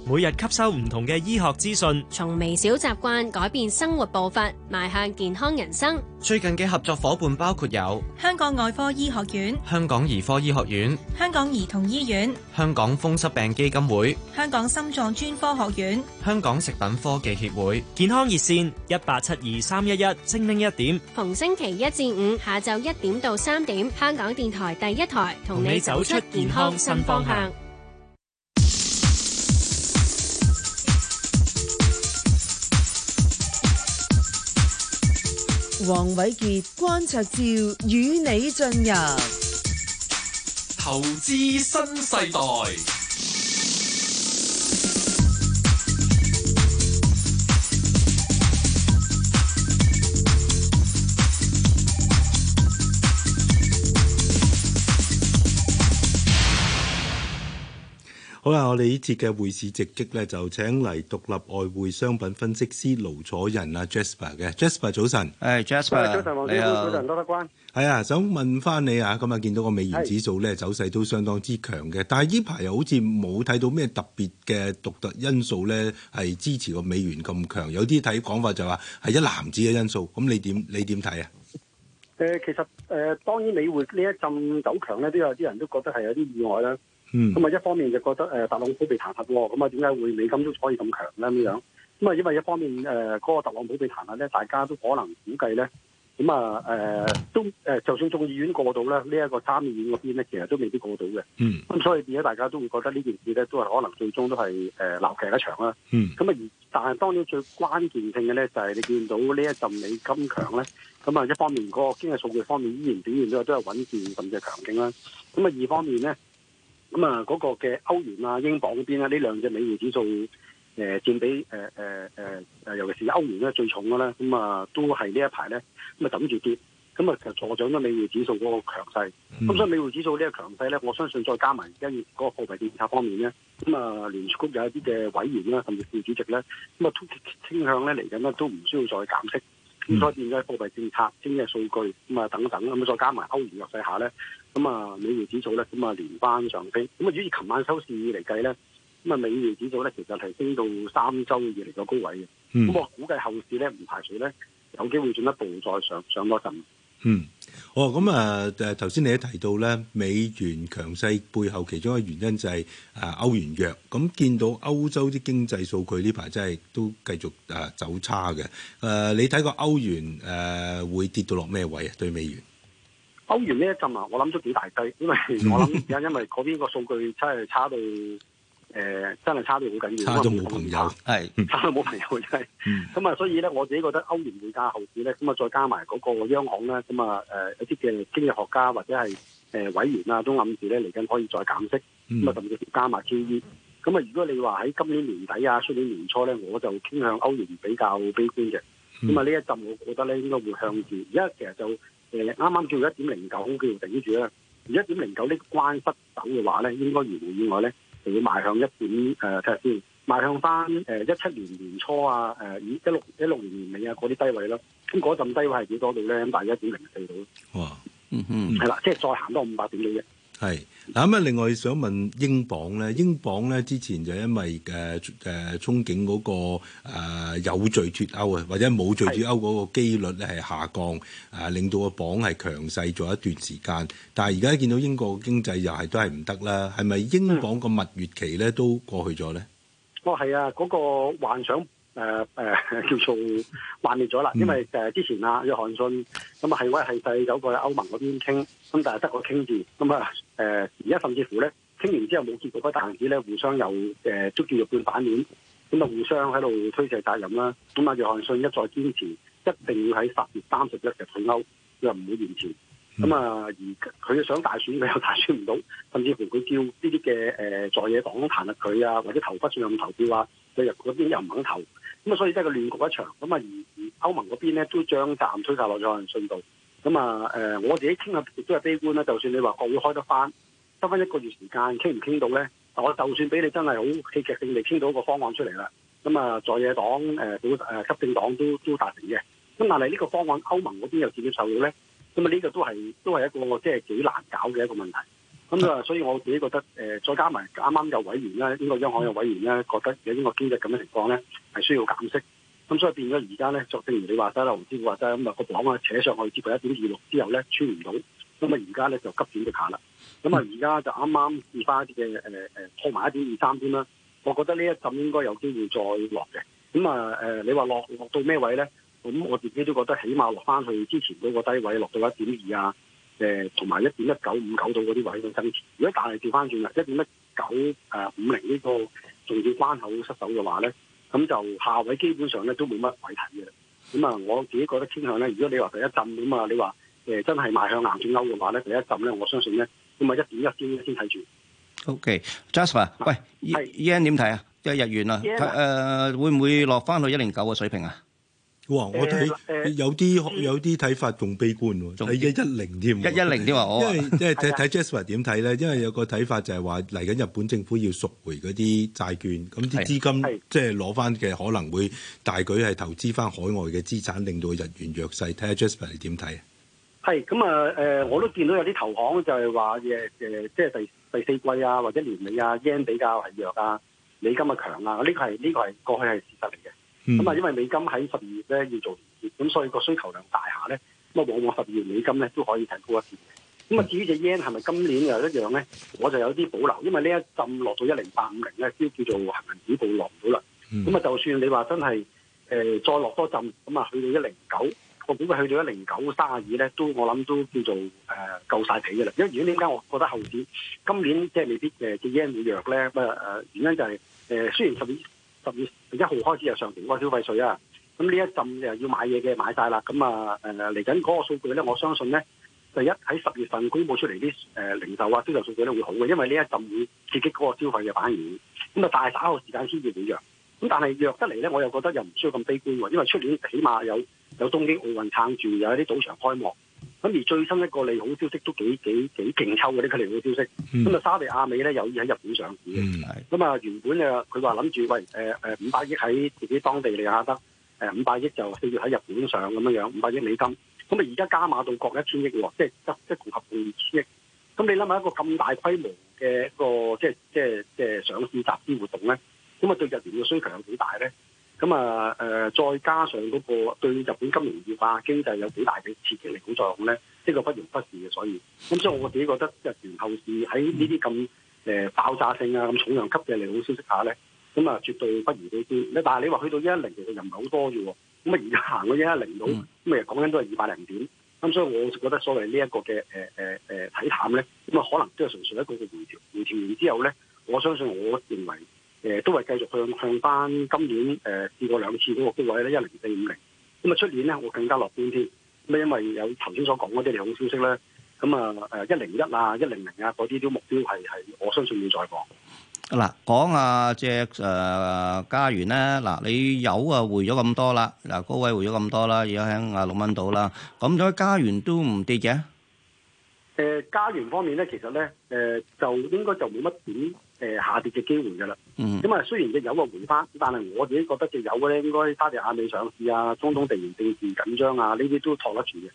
每日吸收唔同嘅醫學資訊，從微小習慣改變生活步伐，邁向健康人生。最近嘅合作夥伴包括有香港外科醫學院、香港兒科醫學院、香港兒童醫院、香港風濕病基金會、香港心臟專科學院、香港食品科技協會。健康熱線一八七二三一一，11，精靈一點，逢星期一至五下晝一點到三點，香港電台第一台同你走出健康新方向。黃瑋傑、關焯照與你進入投資新世代。好啦，我哋呢次嘅匯市直擊咧，就請嚟獨立外匯商品分析師盧楚仁啊，Jasper 嘅，Jasper 早晨。誒、hey,，Jasper 早晨，好早晨，早晨，早晨，多得關。係啊，想問翻你啊，咁啊，見到個美元指數咧走勢都相當之強嘅，但係呢排又好似冇睇到咩特別嘅獨特因素咧，係支持個美元咁強。有啲睇講法就話係一籃子嘅因素，咁你點你點睇啊？誒、呃，其實誒、呃，當然美匯呢一陣走強咧，都有啲人都覺得係有啲意外啦。咁啊，一方面就覺得誒特朗普被彈劾喎，咁啊點解會美金都可以咁強咧咁樣？咁啊，因為一方面誒嗰個特朗普被彈劾咧，大家都可能估計咧，咁啊誒都誒，就算眾議院過到咧，呢一個參議院嗰邊咧，其實都未必過到嘅。嗯。咁所以而家大家都會覺得呢件事咧，都係可能最終都係誒鬧劇一場啦。嗯。咁啊，而但係當然最關鍵性嘅咧，就係你見到呢一陣美金強咧，咁啊一方面嗰個經濟數據方面依然表現都係都係穩健甚至係強勁啦。咁啊二方面咧。咁啊，嗰個嘅歐元啊、英鎊嗰邊咧，呢兩隻美元指數，誒、呃、佔比誒誒誒，尤其是歐元咧最重嘅咧，咁、嗯、啊都係呢一排咧，咁啊等住跌，咁啊其實助長咗美匯指數嗰個強勢，咁、嗯、所以美匯指數呢個強勢咧，我相信再加埋一月嗰個貨幣政策方面咧，咁啊聯儲局有一啲嘅委員啦，甚至副主席咧，咁啊傾向咧嚟緊咧都唔需要再減息。現在嘅貨幣政策、經濟數據咁啊等等，咁再加埋歐元弱勢下咧，咁啊美元指數咧，咁啊連番上升。咁啊，如以琴晚收市以嚟計咧，咁啊美元指數咧，其實係升到三週以嚟嘅高位嘅。咁、mm. 我估計後市咧，唔排除咧有機會進一步再上上多一陣。嗯。Mm. 哦，咁、嗯、啊，誒頭先你一提到咧，美元強勢背後其中一個原因就係、是、誒、啊、歐元弱。咁、嗯、見到歐洲啲經濟數據呢排真係都繼續誒走差嘅。誒、啊，你睇個歐元誒、啊、會跌到落咩位啊？對美元，歐元呢一陣啊，我諗咗幾大堆，因為 我諗因為嗰邊個數據真係差到。誒真係差啲好緊要，差到冇朋友，係差到冇朋友真係。咁啊，所以咧，我自己覺得歐元匯價後市咧，咁啊，再加埋嗰個央行啦，咁啊，誒一啲嘅經濟學家或者係誒委員啊，都諗住咧嚟緊可以再減息，咁啊，甚至加埋 QE。咁啊，如果你話喺今年年底啊，出年年初咧，我就傾向歐元比較悲觀嘅。咁啊，呢一陣我覺得咧應該會向住，而家其實就誒啱啱叫一點零九叫頂住啦。而一點零九呢個關失守嘅話咧，應該如無意外咧。你要邁向一點誒睇下先，邁、呃、向翻誒一七年年初啊，誒一六一六年年尾啊嗰啲低位咯，咁嗰陣低位係幾多度咧？大概一點零四度咯。哇，嗯哼，係、嗯、啦，即係再行多五百點幾啫。係，嗱咁啊！另外想問英鎊咧，英鎊咧之前就因為誒誒憧憬嗰個誒有序脫歐啊，或者冇序脫歐嗰個機率咧係下降，誒令到個鎊係強勢咗一段時間。但係而家見到英國經濟又係都係唔得啦，係咪英鎊個蜜月期咧都過去咗咧？哦，係啊，嗰個幻想。誒誒 叫做幻滅咗啦，因為誒之前啊，約翰遜咁啊係威係勢有個歐盟嗰邊傾，咁但係得個傾字。咁啊誒而家甚至乎咧傾完之後冇見到嗰大子咧互相又誒、呃、捉住肉半反面，咁啊互相喺度推卸責任啦，咁、嗯、啊約翰遜一再堅持一定要喺十月三十一日退歐，佢話唔會延遲，咁、嗯、啊、嗯呃、而佢想大選，佢又大選唔到，甚至乎佢叫呢啲嘅誒在野黨彈劾佢啊或者投不信任投票啊，佢又嗰邊又唔肯投。咁啊、嗯，所以真係亂局一場。咁啊，而而歐盟嗰邊咧都將暫推下落咗人信道。咁、嗯、啊，誒、呃、我自己傾下亦都係悲觀啦。就算你話國會開得翻，得翻一個月時間傾唔傾到咧，就我就算俾你真係好戲劇性地傾到個方案出嚟啦。咁、嗯、啊、呃，在野黨誒表誒執政黨都都達成嘅。咁但係呢個方案歐盟嗰邊又點樣受用咧？咁、嗯、啊，呢、這個都係都係一個即係幾難搞嘅一個問題。咁啊、嗯，所以我自己覺得，誒、呃，再加埋啱啱有委員咧，呢個央行嘅委員咧，覺得有呢個經濟咁嘅情況咧，係需要減息。咁、嗯、所以變咗而家咧，作正如你話齋啦，黃瑋傑話齋咁啊，那個鎊啊扯上去接近一點二六之後咧，穿唔到。咁、嗯、啊，而家咧就急轉直下啦。咁、嗯、啊，而、嗯、家、嗯、就啱啱跌翻一啲嘅誒誒，破埋一點二三添啦。我覺得呢一陣應該有機會再落嘅。咁啊誒，你話落落到咩位咧？咁、嗯、我自己都覺得起碼落翻去之前嗰個低位，落到一點二啊。誒同埋一點一九五九度嗰啲位嘅增持，如果但係調翻轉啦，一點一九誒五零呢個重要關口失守嘅話咧，咁就下位基本上咧都冇乜位睇嘅。咁啊，我自己覺得傾向咧，如果你話第一浸咁啊，你話誒真係賣向南轉歐嘅話咧，第一浸咧，我相信咧，咁啊，一點一堅先睇住。O K. Jasper，喂，Yen 點睇啊？即係日元啊？誒會唔會落翻去一零九嘅水平啊？哇！我睇、呃呃、有啲有啲睇法仲悲觀喎，仲一一零添，一一零添，因為說因為睇睇的 Jasper 點睇咧？因為有個睇法就係話嚟緊日本政府要贖回嗰啲債券，咁啲資金即係攞翻嘅可能會大舉係投資翻海外嘅資產，令到日元弱勢。睇下 Jasper 你點睇？係咁啊！誒、呃，我都見到有啲投行就係話誒誒，即係第第四季啊或者年尾啊，yen 比較係弱啊，美金啊強啊。呢個係呢個係過去係事實嚟嘅。咁啊，嗯、因為美金喺十二月咧要做結，咁所以個需求量大下咧，咁啊往往十二月美金咧都可以提高一啲嘅。咁啊，至於隻 yen 係咪今年又一樣咧，我就有啲保留，因為呢一浸落到一零八五零咧，都叫做行人止步落唔到啦。咁啊、嗯，就算你話真係誒、呃、再落多浸，咁啊去到一零九，個股票去到一零九三二咧，都我諗都叫做誒、呃、夠晒皮嘅啦。因為如果點解我覺得後市今年即係未必誒隻 yen 會弱咧？咁、呃、啊原因就係、是、誒、呃、雖然十二。十月一號開始上就上調個消費稅啊，咁呢一陣就要買嘢嘅買晒啦，咁啊誒嚟緊嗰個數據咧，我相信咧第一喺十月份公佈出嚟啲誒零售啊銷售數據咧會好嘅，因為呢一陣會刺激嗰個消費嘅反應。咁啊，大打個時間先至會弱，咁但係弱得嚟咧，我又覺得又唔需要咁悲觀喎，因為出年起碼有有東京奧運撐住，有一啲賭場開幕。咁而最新一個利好消息都幾幾幾勁抽嗰啲佢利好消息，咁啊、嗯、沙地亞美有意喺日本上市，咁啊、嗯、原本啊佢話諗住喂誒誒五百億喺自己當地嚟下得，誒五百億就四月喺日本上咁樣樣五百億美金，咁啊而家加碼到各一千億喎，即係得即係共合共二千億，咁你諗下一個咁大規模嘅一個，一個即係即係即係上市集資活動咧，咁啊對日圓嘅需求有幾大咧？咁啊，誒，再加上嗰個對日本金融業啊、經濟有幾大嘅刺激利好作用咧，呢、這個不容忽視嘅。所以，咁、嗯、所以我自己覺得，日前後市喺呢啲咁誒爆炸性啊、咁重量級嘅利好消息下咧，咁、嗯、啊，絕對不如好啲。咁但係你話去到一零零，其實又唔係好多嘅喎。咁、嗯、啊，而家行到一零零咁，咁啊講緊都係二百零點。咁所以我覺得所謂、呃呃、呢一個嘅誒誒誒睇淡咧，咁啊可能都係純粹一個嘅回調。回調完之後咧，我相信我認為。誒，都係繼續去向翻今年誒試過兩次嗰個高位咧，一零四五零。咁啊，出年咧，我更加樂觀啲，咁啊，因為有頭先所講嗰啲利好消息咧，咁啊，誒一零一啊，一零零啊，嗰啲啲目標係係，我相信要再講。嗱，講下隻誒嘉元咧，嗱你有啊，回咗咁多啦，嗱高位，回咗咁多啦，而家喺啊六蚊度啦，咁樣，嘉元都唔跌嘅。誒，嘉元方面咧，其實咧，誒就應該就冇乜點。誒，下跌嘅機會噶啦，咁啊、嗯，雖然佢有個回翻，但係我自己覺得就有嘅咧，應該沙特阿美上市啊，中東地緣政治緊張啊，呢啲都托得住嘅。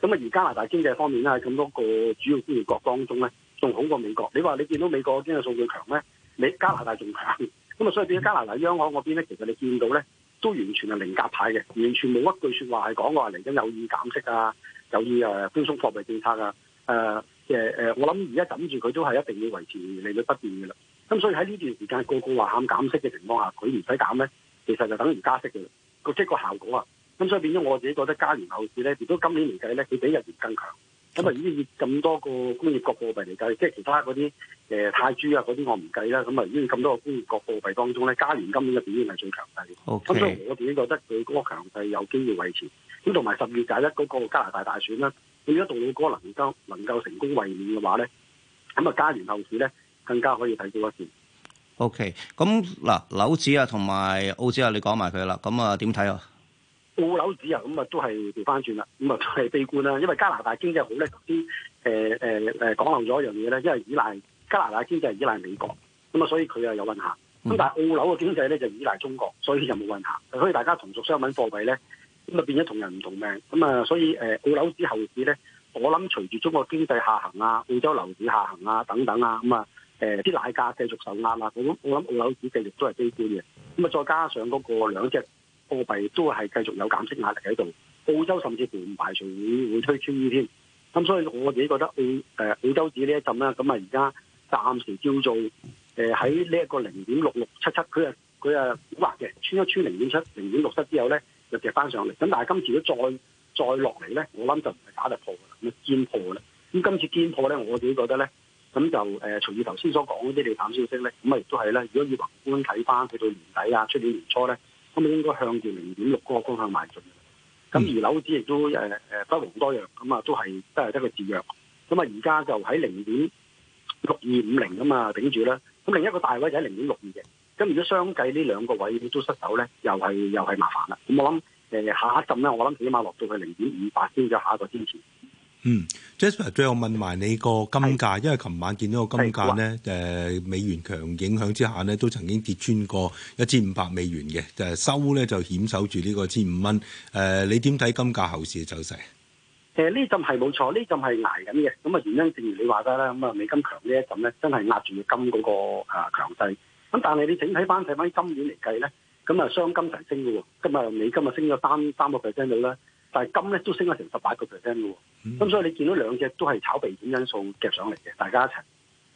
咁啊，而加拿大經濟方面咧，喺咁多個主要工業國當中咧，仲好過美國。你話你見到美國經濟數據強咩？你加拿大仲強。咁、嗯、啊，嗯、所以變加拿大央行嗰邊咧，其實你見到咧，都完全係零甲派嘅，完全冇一句説話係講話嚟緊有意減息啊，有意誒寬鬆貨幣政策啊，誒、呃。即係我諗而家等住佢都係一定要維持利率不變嘅啦。咁所以喺呢段時間個個話喊減息嘅情況下，佢唔使減咧，其實就等於加息嘅。個即個效果啊。咁所以變咗我自己覺得加元後市咧，如果今年嚟計咧，佢比日元更強。咁啊、嗯，已經以咁多個工業國貨幣嚟計，即係其他嗰啲誒泰銖啊嗰啲我唔計啦。咁啊，已經咁多個工業國貨幣當中咧，加元今年嘅表現係最強勢。咁 Okay. 所以我自己覺得佢嗰個強勢有機會維持。咁同埋十二月一嗰個加拿大大,大,大選咧。如果家杜魯多能夠能夠成功衛冕嘅話咧，咁啊，加元後市咧更加可以睇高一線。O K. 咁嗱，紐指啊同埋澳指啊，你講埋佢啦。咁啊，點睇啊？澳紐指啊，咁啊都係調翻轉啦。咁啊都係悲觀啦、啊。因為加拿大經濟好咧，啲誒誒誒講漏咗一樣嘢咧，因為依賴加拿大經濟依賴美國，咁啊所以佢又有運行。咁、嗯、但係澳紐嘅經濟咧就依賴中國，所以就冇運行。所以大家同屬商品貨幣咧。咁啊，變咗同人唔同命。咁啊，所以誒澳樓市後市咧，我諗隨住中國經濟下行啊，澳洲樓市下行啊，等等啊，咁啊，誒啲奶價繼續受壓啊，我諗我諗澳樓市繼續都係悲觀嘅。咁啊，再加上嗰個兩隻貨幣都係繼續有減息壓力喺度，澳洲甚至乎唔排除會會推穿 e 添。咁所以我自己覺得澳誒澳洲指呢一陣啦，咁啊而家暫時叫做誒喺呢一個零點六六七七，佢啊佢啊好嘅，穿一穿零點七零點六七之後咧。夾翻上嚟，咁但係今次如果再再落嚟咧，我諗就唔係假突破啦，咁啊堅破啦。咁今次堅破咧，我自己覺得咧，咁就誒，隨住頭先所講嗰啲地產消息咧，咁啊亦都係咧，如果以宏觀睇翻，去到年底啊，出年年初咧，咁啊應該向住零點六嗰個方向邁進。咁二樓指亦都誒誒不遑多讓，咁啊都係都係得個制約。咁啊而家就喺零點六二五零啊嘛頂住啦。咁另一個大位就喺零點六二嘅。咁如果相繼呢兩個位都失守咧，又係又係麻煩啦。咁我諗，誒下一陣咧，我諗起碼落到去零點五八先做下一個支持。嗯，Jasper， 嗯、最後問埋你個金價，的因為琴晚見到個金價咧，誒、呃、美元強影響之下呢，都曾經跌穿過一千五百美元嘅，收就收咧就險守住呢個千五蚊。誒、呃，你點睇金價後市嘅走勢？其實呢陣係冇錯，呢陣係捱緊嘅。咁啊，原因正如你話咗啦，咁啊美金強呢一陣咧，真係壓住金嗰個啊強勢。咁但係你整體翻睇翻今年嚟計咧，咁啊，雙金齊升嘅喎，今日美金啊升咗三三個 percent 到啦，但係金咧都升咗成十八個 percent 嘅喎，咁、嗯嗯、所以你見到兩隻都係炒避險因素夾上嚟嘅，大家一齊，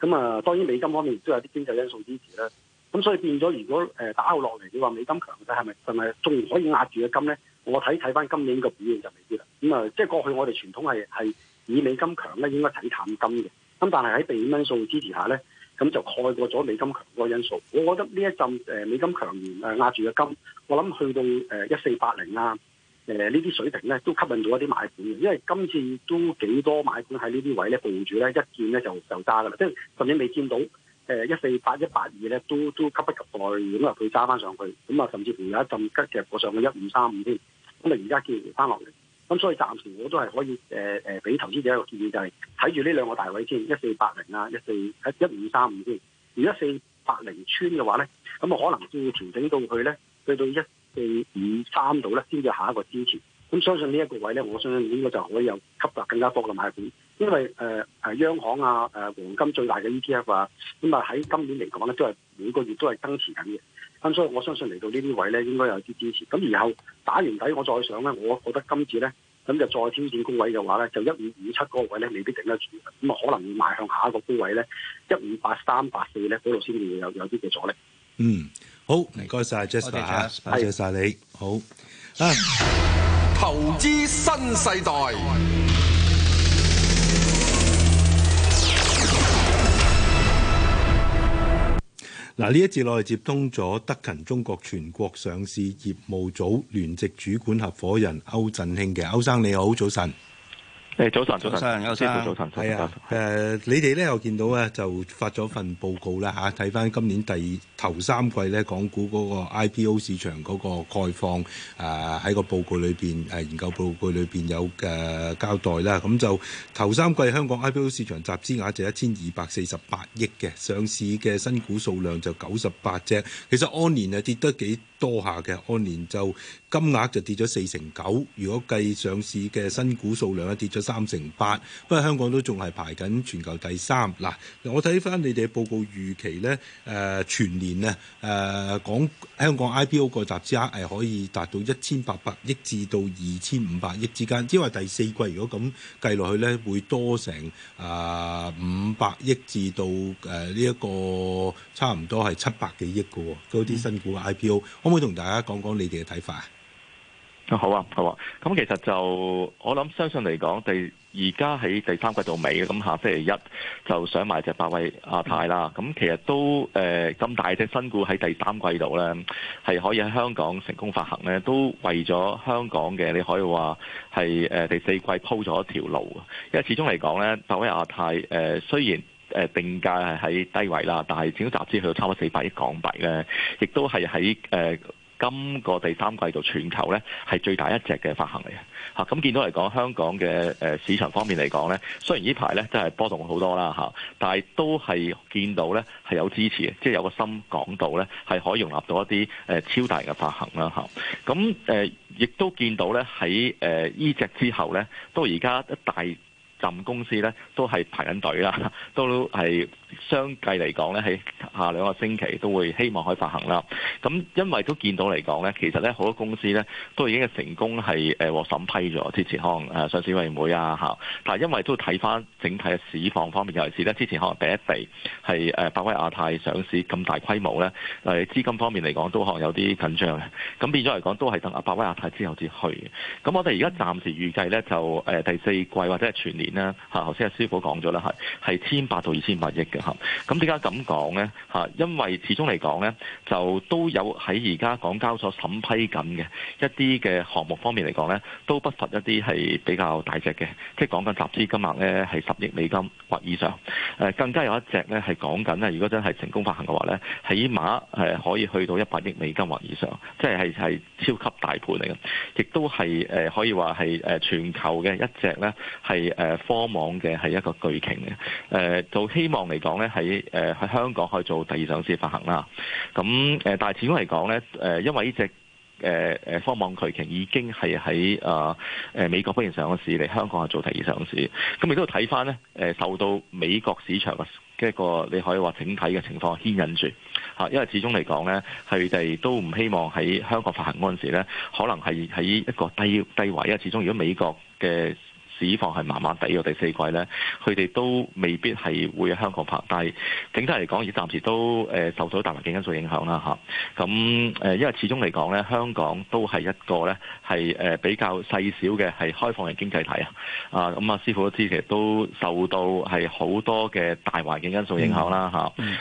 咁、嗯、啊當然美金方面亦都有啲經濟因素支持啦，咁、嗯、所以變咗如果誒打落嚟，你話美金強嘅勢係咪仲係仲可以壓住嘅金咧？我睇睇翻今年嘅表現就未必啦。咁、嗯、啊，即、就、係、是、過去我哋傳統係係以美金強咧應該睇淡金嘅，咁、嗯、但係喺避險因素支持下咧。咁就蓋過咗美金強個因素，我覺得呢一陣誒美金強壓住嘅金，我諗去到誒一四八零啊，誒呢啲水平咧都吸引到一啲買盤嘅，因為今次都幾多買盤喺呢啲位咧盤住咧，主一見咧就就揸嘅啦，即係甚至未見到誒一四八一八二咧，都都急不及待，咁啊佢揸翻上去，咁啊甚至乎有一陣吉嘅過上去一五三五添，咁啊而家見翻落嚟。咁、嗯、所以暫時我都係可以誒誒俾投資者一個建議，就係睇住呢兩個大位先，一四八零啊，一四一一五三五先。而一四八零穿嘅話咧，咁啊可能都要調整到佢咧，去到一四五三度咧，先至下一個支持。咁相信呢一個位咧，我相信應該就可以有吸納更加多嘅買盤，因為誒誒、呃、央行啊誒黃金最大嘅 ETF 啊，咁啊喺今年嚟講咧，都係每個月都係增持緊嘅。咁所以我相信嚟到呢啲位咧，應該有啲支持。咁然後打完底，我再上咧，我覺得今次咧，咁就再挑戰高位嘅話咧，就一五五七嗰個位咧，未必頂得住。咁啊，可能會邁向下一個高位咧，一五八三八四咧，嗰度先會有有啲嘅阻力。嗯，好，唔該晒 Jasper，多謝晒你，好啊，投資新世代。嗱，呢一節我哋接通咗德勤中國全國上市業務組聯席主管合伙人歐振興嘅。歐生，你好，早晨。誒，早晨，早晨，先生、啊，早晨，早晨。誒，你哋咧又見到咧，就發咗份報告啦嚇，睇、啊、翻今年第頭三季咧，港股嗰個 IPO 市場嗰個概況，誒、啊、喺個報告裏邊，誒、啊、研究報告裏邊有誒、啊、交代啦。咁、啊、就頭三季香港 IPO 市場集資額就一千二百四十八億嘅，上市嘅新股數量就九十八隻。其實按年啊跌得幾多下嘅？按年就。金額就跌咗四成九，如果計上市嘅新股數量咧跌咗三成八，不過香港都仲係排緊全球第三。嗱，我睇翻你哋嘅報告預期咧，誒、呃、全年啊誒講香港 IPO 個集資額係可以達到一千八百億至到二千五百億之間，即係話第四季如果咁計落去咧，會多成啊五百億至到誒呢一個差唔多係七百幾億嘅嗰啲新股 IPO，嗯、可唔可以同大家講講你哋嘅睇法啊？好啊，好啊，咁其實就我諗，相信嚟講，第而家喺第三季度尾，咁下星期一就上埋隻百威亞太啦。咁、嗯、其實都誒咁、呃、大隻新股喺第三季度咧，係可以喺香港成功發行咧，都為咗香港嘅，你可以話係誒第四季鋪咗一條路。因為始終嚟講咧，百威亞太誒、呃、雖然誒定價係喺低位啦，但係始終集資去到差唔多四百億港幣咧，亦都係喺誒。呃今個第三季度全球呢係最大一隻嘅發行嚟啊！嚇，咁見到嚟講香港嘅誒、呃、市場方面嚟講呢，雖然呢排呢真係波動好多啦嚇，啊，但係都係見到呢係有支持，即係有個心港到呢係可以容納到一啲誒、呃、超大嘅發行啦嚇。咁、啊、誒、啊呃、亦都見到呢喺誒呢隻之後呢，到而家一大浸公司呢都係排緊隊啦，都係。啊都相繼嚟講咧，喺下兩個星期都會希望可以發行啦。咁因為都見到嚟講咧，其實咧好多公司咧都已經嘅成功係誒獲審批咗之前，可能誒上市委員會啊嚇。但係因為都睇翻整體嘅市況方面，尤其是咧之前可能第一地係誒百威亞太上市咁大規模咧，誒資金方面嚟講都可能有啲緊張嘅。咁變咗嚟講，都係等阿百威亞太之後至去。咁我哋而家暫時預計咧就誒第四季或者係全年啦。嚇，頭先阿師傅講咗啦，係係千八到二千八億嘅。咁點解咁講呢？嚇，因為始終嚟講呢，就都有喺而家港交所審批緊嘅一啲嘅項目方面嚟講呢，都不乏一啲係比較大隻嘅，即係講緊集資金額呢係十億美金或以上。誒，更加有一隻呢係講緊呢，如果真係成功發行嘅話呢，起碼誒可以去到一百億美金或以上，即係係係超級大盤嚟嘅，亦都係誒可以話係誒全球嘅一隻呢，係誒科網嘅係一個巨擎嘅。誒，就希望嚟講。講咧喺誒喺香港去做第二上市發行啦，咁、啊、誒但係始終嚟講咧誒，因為呢隻誒誒科網巨擎已經係喺啊誒美國方面上市，嚟香港係做第二上市，咁、啊、亦都睇翻咧誒受到美國市場嘅一個你可以話整體嘅情況牽引住吓、啊，因為始終嚟講咧佢哋都唔希望喺香港發行嗰陣時咧，可能係喺一個低低位，因為始終如果美國嘅市況係麻麻地，個第四季呢，佢哋都未必係會喺香港拍，但係整體嚟講，而暫時都誒受到大環境因素影響啦嚇。咁、啊、誒，因為始終嚟講呢，香港都係一個呢，係誒比較細小嘅係開放嘅經濟體啊。啊，咁啊，師傅都知，其實都受到係好多嘅大環境因素影響啦嚇。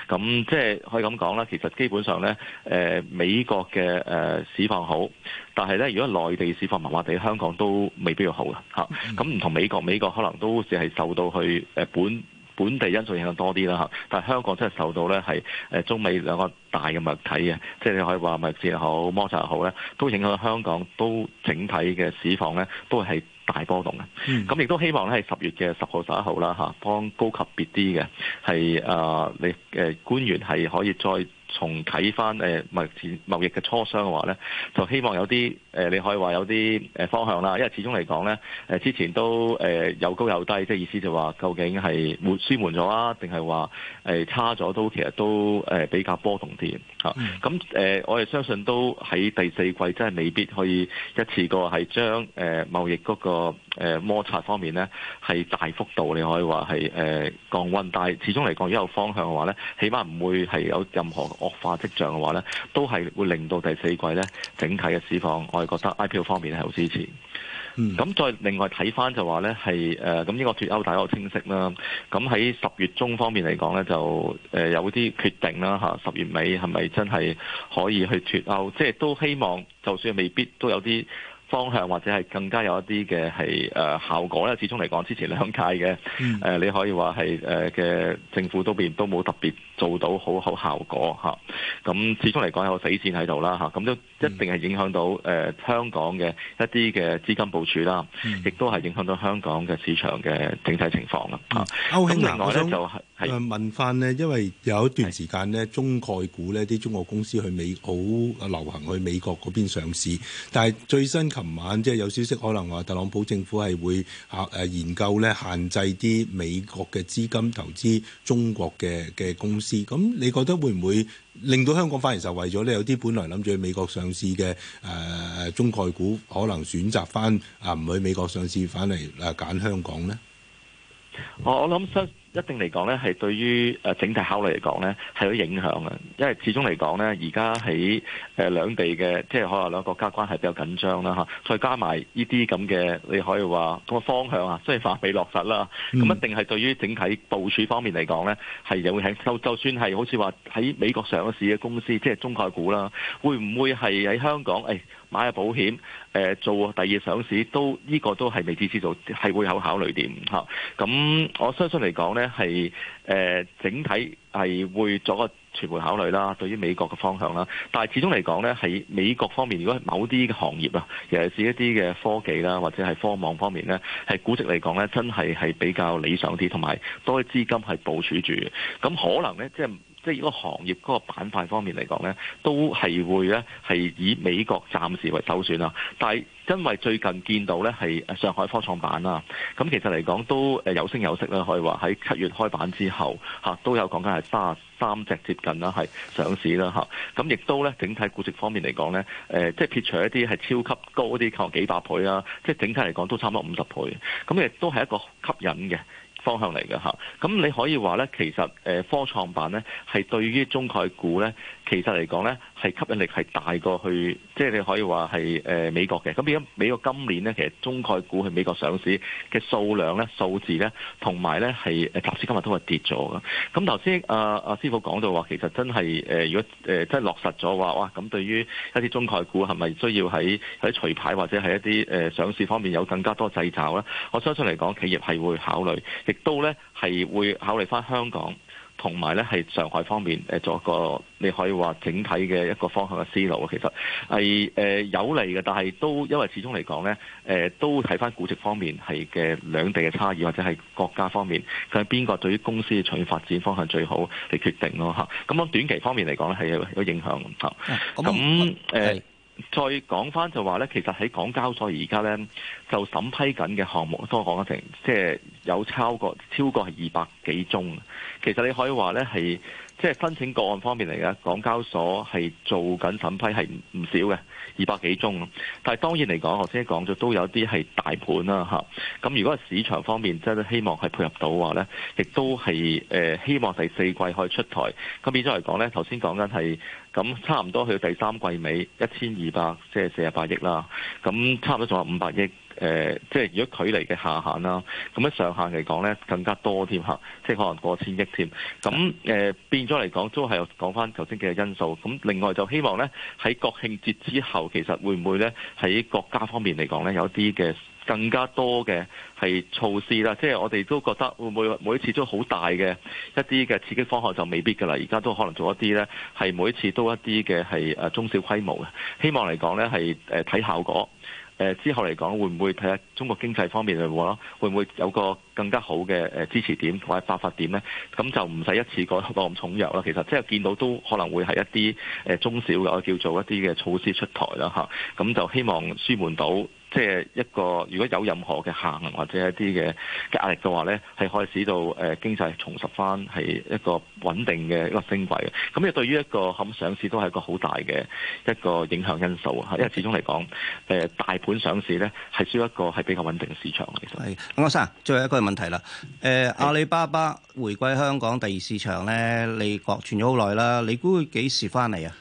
咁、嗯啊、即係可以咁講啦，其實基本上呢，誒、呃、美國嘅誒、呃、市況好。但係咧，如果內地市況麻麻地，香港都未必又好啦，嚇、啊。咁唔同美國，美國可能都只係受到去誒本本地因素影響多啲啦，嚇、啊。但係香港真係受到咧係誒中美兩個大嘅物體嘅，即係你可以話物質又好摩擦又好咧，都影響香港都整體嘅市況咧，都係大波動嘅。咁亦、嗯、都希望咧係十月嘅十號十一號啦，嚇、啊、幫高級別啲嘅係啊，你誒、呃、官員係可以再，重啟翻誒物貿易嘅磋商嘅話咧，就希望有啲誒，你可以話有啲誒方向啦。因為始終嚟講咧，誒之前都誒有高有低，即係意思就話究竟係舒緩咗啊，定係話誒差咗都其實都誒比較波動啲嚇。咁誒、嗯，我係相信都喺第四季真係未必可以一次過係將誒貿易嗰、那個。誒摩擦方面呢，係大幅度你可以話係誒降溫，但係始終嚟講，如果有方向嘅話呢，起碼唔會係有任何惡化跡象嘅話呢，都係會令到第四季呢，整體嘅市況，我係覺得 IPO 方面係好支持。咁、嗯、再另外睇返就話呢，係誒咁呢個脫歐底有清晰啦。咁喺十月中方面嚟講呢，就誒、呃、有啲決定啦嚇。十、啊、月尾係咪真係可以去脫歐？即、就、係、是、都希望，就算未必都有啲。方向或者係更加有一啲嘅係誒效果咧，始終嚟講之前兩屆嘅誒，你可以話係誒嘅政府都邊都冇特別做到好好效果嚇。咁、啊、始終嚟講有死線喺度啦嚇，咁、啊、都一定係影響到誒、呃、香港嘅一啲嘅資金部署啦，亦、啊嗯、都係影響到香港嘅市場嘅整體情況。咁另外呢就。我想。誒問翻呢，因為有一段時間呢，是中概股呢啲中國公司去美，好流行去美國嗰邊上市，但係最新琴晚即係有消息可能話特朗普政府係會啊誒研究呢，限制啲美國嘅資金投資中國嘅嘅公司，咁你覺得會唔會令到香港反而受惠咗呢，有啲本來諗住去美國上市嘅誒、呃、中概股可能選擇翻啊唔去美國上市，翻嚟誒揀香港呢？我諗一定嚟講咧，係對於誒整體考慮嚟講咧，係有影響嘅，因為始終嚟講咧，而家喺誒兩地嘅，即係可能兩個國家關係比較緊張啦嚇，再加埋呢啲咁嘅，你可以話個方向啊，雖然化未落實啦，咁、嗯、一定係對於整體部署方面嚟講咧，係有影響。就算係好似話喺美國上市嘅公司，即係中概股啦，會唔會係喺香港誒？哎買下保險，誒、呃、做第二上市，都呢、這個都係未知之數，係會有考慮點嚇。咁、嗯、我相信嚟講呢係誒、呃、整體係會作個全盤考慮啦。對於美國嘅方向啦，但係始終嚟講呢係美國方面，如果某啲嘅行業啊，尤其是一啲嘅科技啦，或者係科網方面呢，係估值嚟講呢，真係係比較理想啲，同埋多啲資金係部署住。咁可能呢，即係。即係如果行業嗰個板塊方面嚟講咧，都係會咧係以美國暫時為首選啦。但係因為最近見到咧係上海科創板啦，咁其實嚟講都誒有聲有色啦。可以話喺七月開板之後嚇，都有講緊係三十三隻接近啦係上市啦嚇。咁亦都咧整體估值方面嚟講咧，誒即係撇除一啲係超級高啲，靠幾百倍啊，即係整體嚟講都差唔多五十倍。咁亦都係一個吸引嘅。方向嚟嘅吓，咁你可以話咧，其實誒科創板咧係對於中概股咧。其實嚟講呢，係吸引力係大過去，即係你可以話係誒美國嘅。咁而家美國今年呢，其實中概股喺美國上市嘅數量呢、數字呢，同埋呢係誒，頭先今日都係跌咗嘅。咁頭先啊啊，師傅講到話，其實真係誒，如果誒真係落實咗話，哇！咁對於一啲中概股係咪需要喺喺除牌或者係一啲誒上市方面有更加多掣肘呢？我相信嚟講，企業係會考慮，亦都呢係會考慮翻香港。同埋咧，係上海方面誒，做一個你可以話整體嘅一個方向嘅思路，其實係誒、呃、有利嘅，但係都因為始終嚟講咧，誒、呃、都睇翻估值方面係嘅兩地嘅差異，或者係國家方面，睇邊個對於公司嘅長遠發展方向最好嚟決定咯嚇。咁、啊、我、嗯、短期方面嚟講咧，係有個影響嚇。咁誒，再講翻就話咧，其實喺港交所而家咧，就審批緊嘅項目多講一成，即係。就是有超過超過係二百幾宗，其實你可以話呢係即係申請個案方面嚟嘅，港交所係做緊審批係唔少嘅二百幾宗。但係當然嚟講，我先講咗都有啲係大盤啦嚇。咁、啊、如果係市場方面即係希望係配合到嘅話呢，亦都係誒、呃、希望第四季可以出台。咁變咗嚟講呢，頭先講緊係咁差唔多去到第三季尾一千二百即係四十八億啦。咁差唔多仲有五百億。誒、呃，即係如果距離嘅下限啦，咁、嗯、喺上限嚟講咧，更加多添嚇，即係可能過千億添。咁、嗯、誒、呃、變咗嚟講，都係講翻頭先嘅因素。咁、嗯、另外就希望咧，喺國慶節之後，其實會唔會咧喺國家方面嚟講咧，有一啲嘅更加多嘅係措施啦。即係我哋都覺得會唔會每一次都好大嘅一啲嘅刺激方案就未必噶啦。而家都可能做一啲咧，係每一次都一啲嘅係誒中小規模嘅。希望嚟講咧係誒睇效果。誒之後嚟講，會唔會睇下中國經濟方面嘅會唔會有個更加好嘅支持點或者發發點呢？咁就唔使一次過咁重油啦。其實即係見到都可能會係一啲誒中小嘅我叫做一啲嘅措施出台啦嚇。咁就希望舒緩到。即係一個，如果有任何嘅下行或者一啲嘅壓力嘅話咧，係可以使到誒、呃、經濟重拾翻，係一個穩定嘅一個升軌嘅。咁亦對於一個冚、嗯、上市都係一個好大嘅一個影響因素啊。因為始終嚟講，誒、呃、大盤上市咧係需要一個係比較穩定嘅市場嘅。係，阿、嗯、生，最後一個問題啦。誒、呃，阿里巴巴回歸香港第二市場咧，你國存咗好耐啦，你估佢幾時翻嚟啊？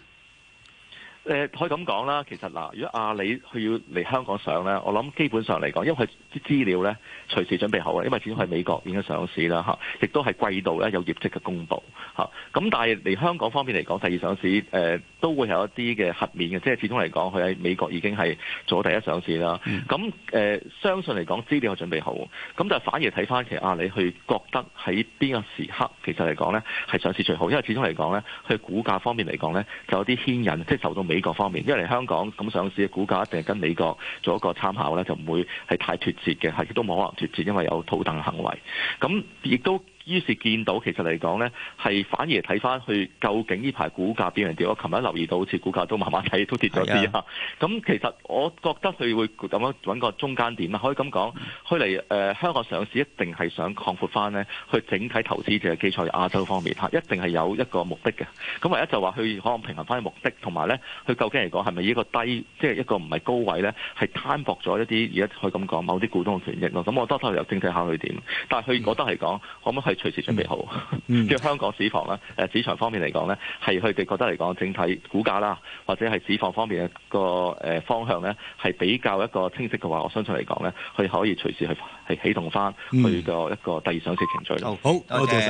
誒、呃、可以咁講啦，其實嗱，如果阿里佢要嚟香港上咧，我諗基本上嚟講，因為佢啲資料咧隨時準備好嘅，因為始終係美國已經上市啦嚇，亦、啊、都係季度咧有業績嘅公布嚇。咁、啊、但係嚟香港方面嚟講，第二上市誒、呃、都會有一啲嘅黑面嘅，即係始終嚟講，佢喺美國已經係做咗第一上市啦。咁誒、嗯呃、相信嚟講資料係準備好，咁但係反而睇翻其實阿里佢覺得喺邊個時刻其實嚟講咧係上市最好，因為始終嚟講咧佢股價方面嚟講咧就有啲牽引，即係受到美。美國方面，因為嚟香港咁上市嘅股價一定係跟美國做一個參考咧，就唔會係太脫節嘅，係亦都冇可能脫節，因為有套戥行為。咁亦都。於是見到其實嚟講呢，係反而睇翻佢究竟呢排股價點樣跌。我琴日留意到好似股價都慢慢睇都跌咗啲嚇。咁是、啊、其實我覺得佢會咁樣揾個中間點啦。可以咁講，去嚟誒香港上市一定係想擴闊翻呢，去整體投資者嘅基礎亞洲方面嚇，一定係有一個目的嘅。咁唯一就話佢可能平衡翻啲目的，同埋呢，佢究竟嚟講係咪一個低，即、就、係、是、一個唔係高位呢？係攤薄咗一啲而家可以咁講某啲股東嘅權益咯。咁我多數由整體考慮點，但係佢覺得嚟講、嗯、可唔可以隨時準備好，即係、嗯嗯、香港市況咧。誒、呃，市場方面嚟講咧，係佢哋覺得嚟講，整體股價啦，或者係市況方面嘅個誒方向咧，係比較一個清晰嘅話，我相信嚟講咧，佢可以隨時去係啟動翻去個一個第二上市程序咯、嗯。好，多謝，謝。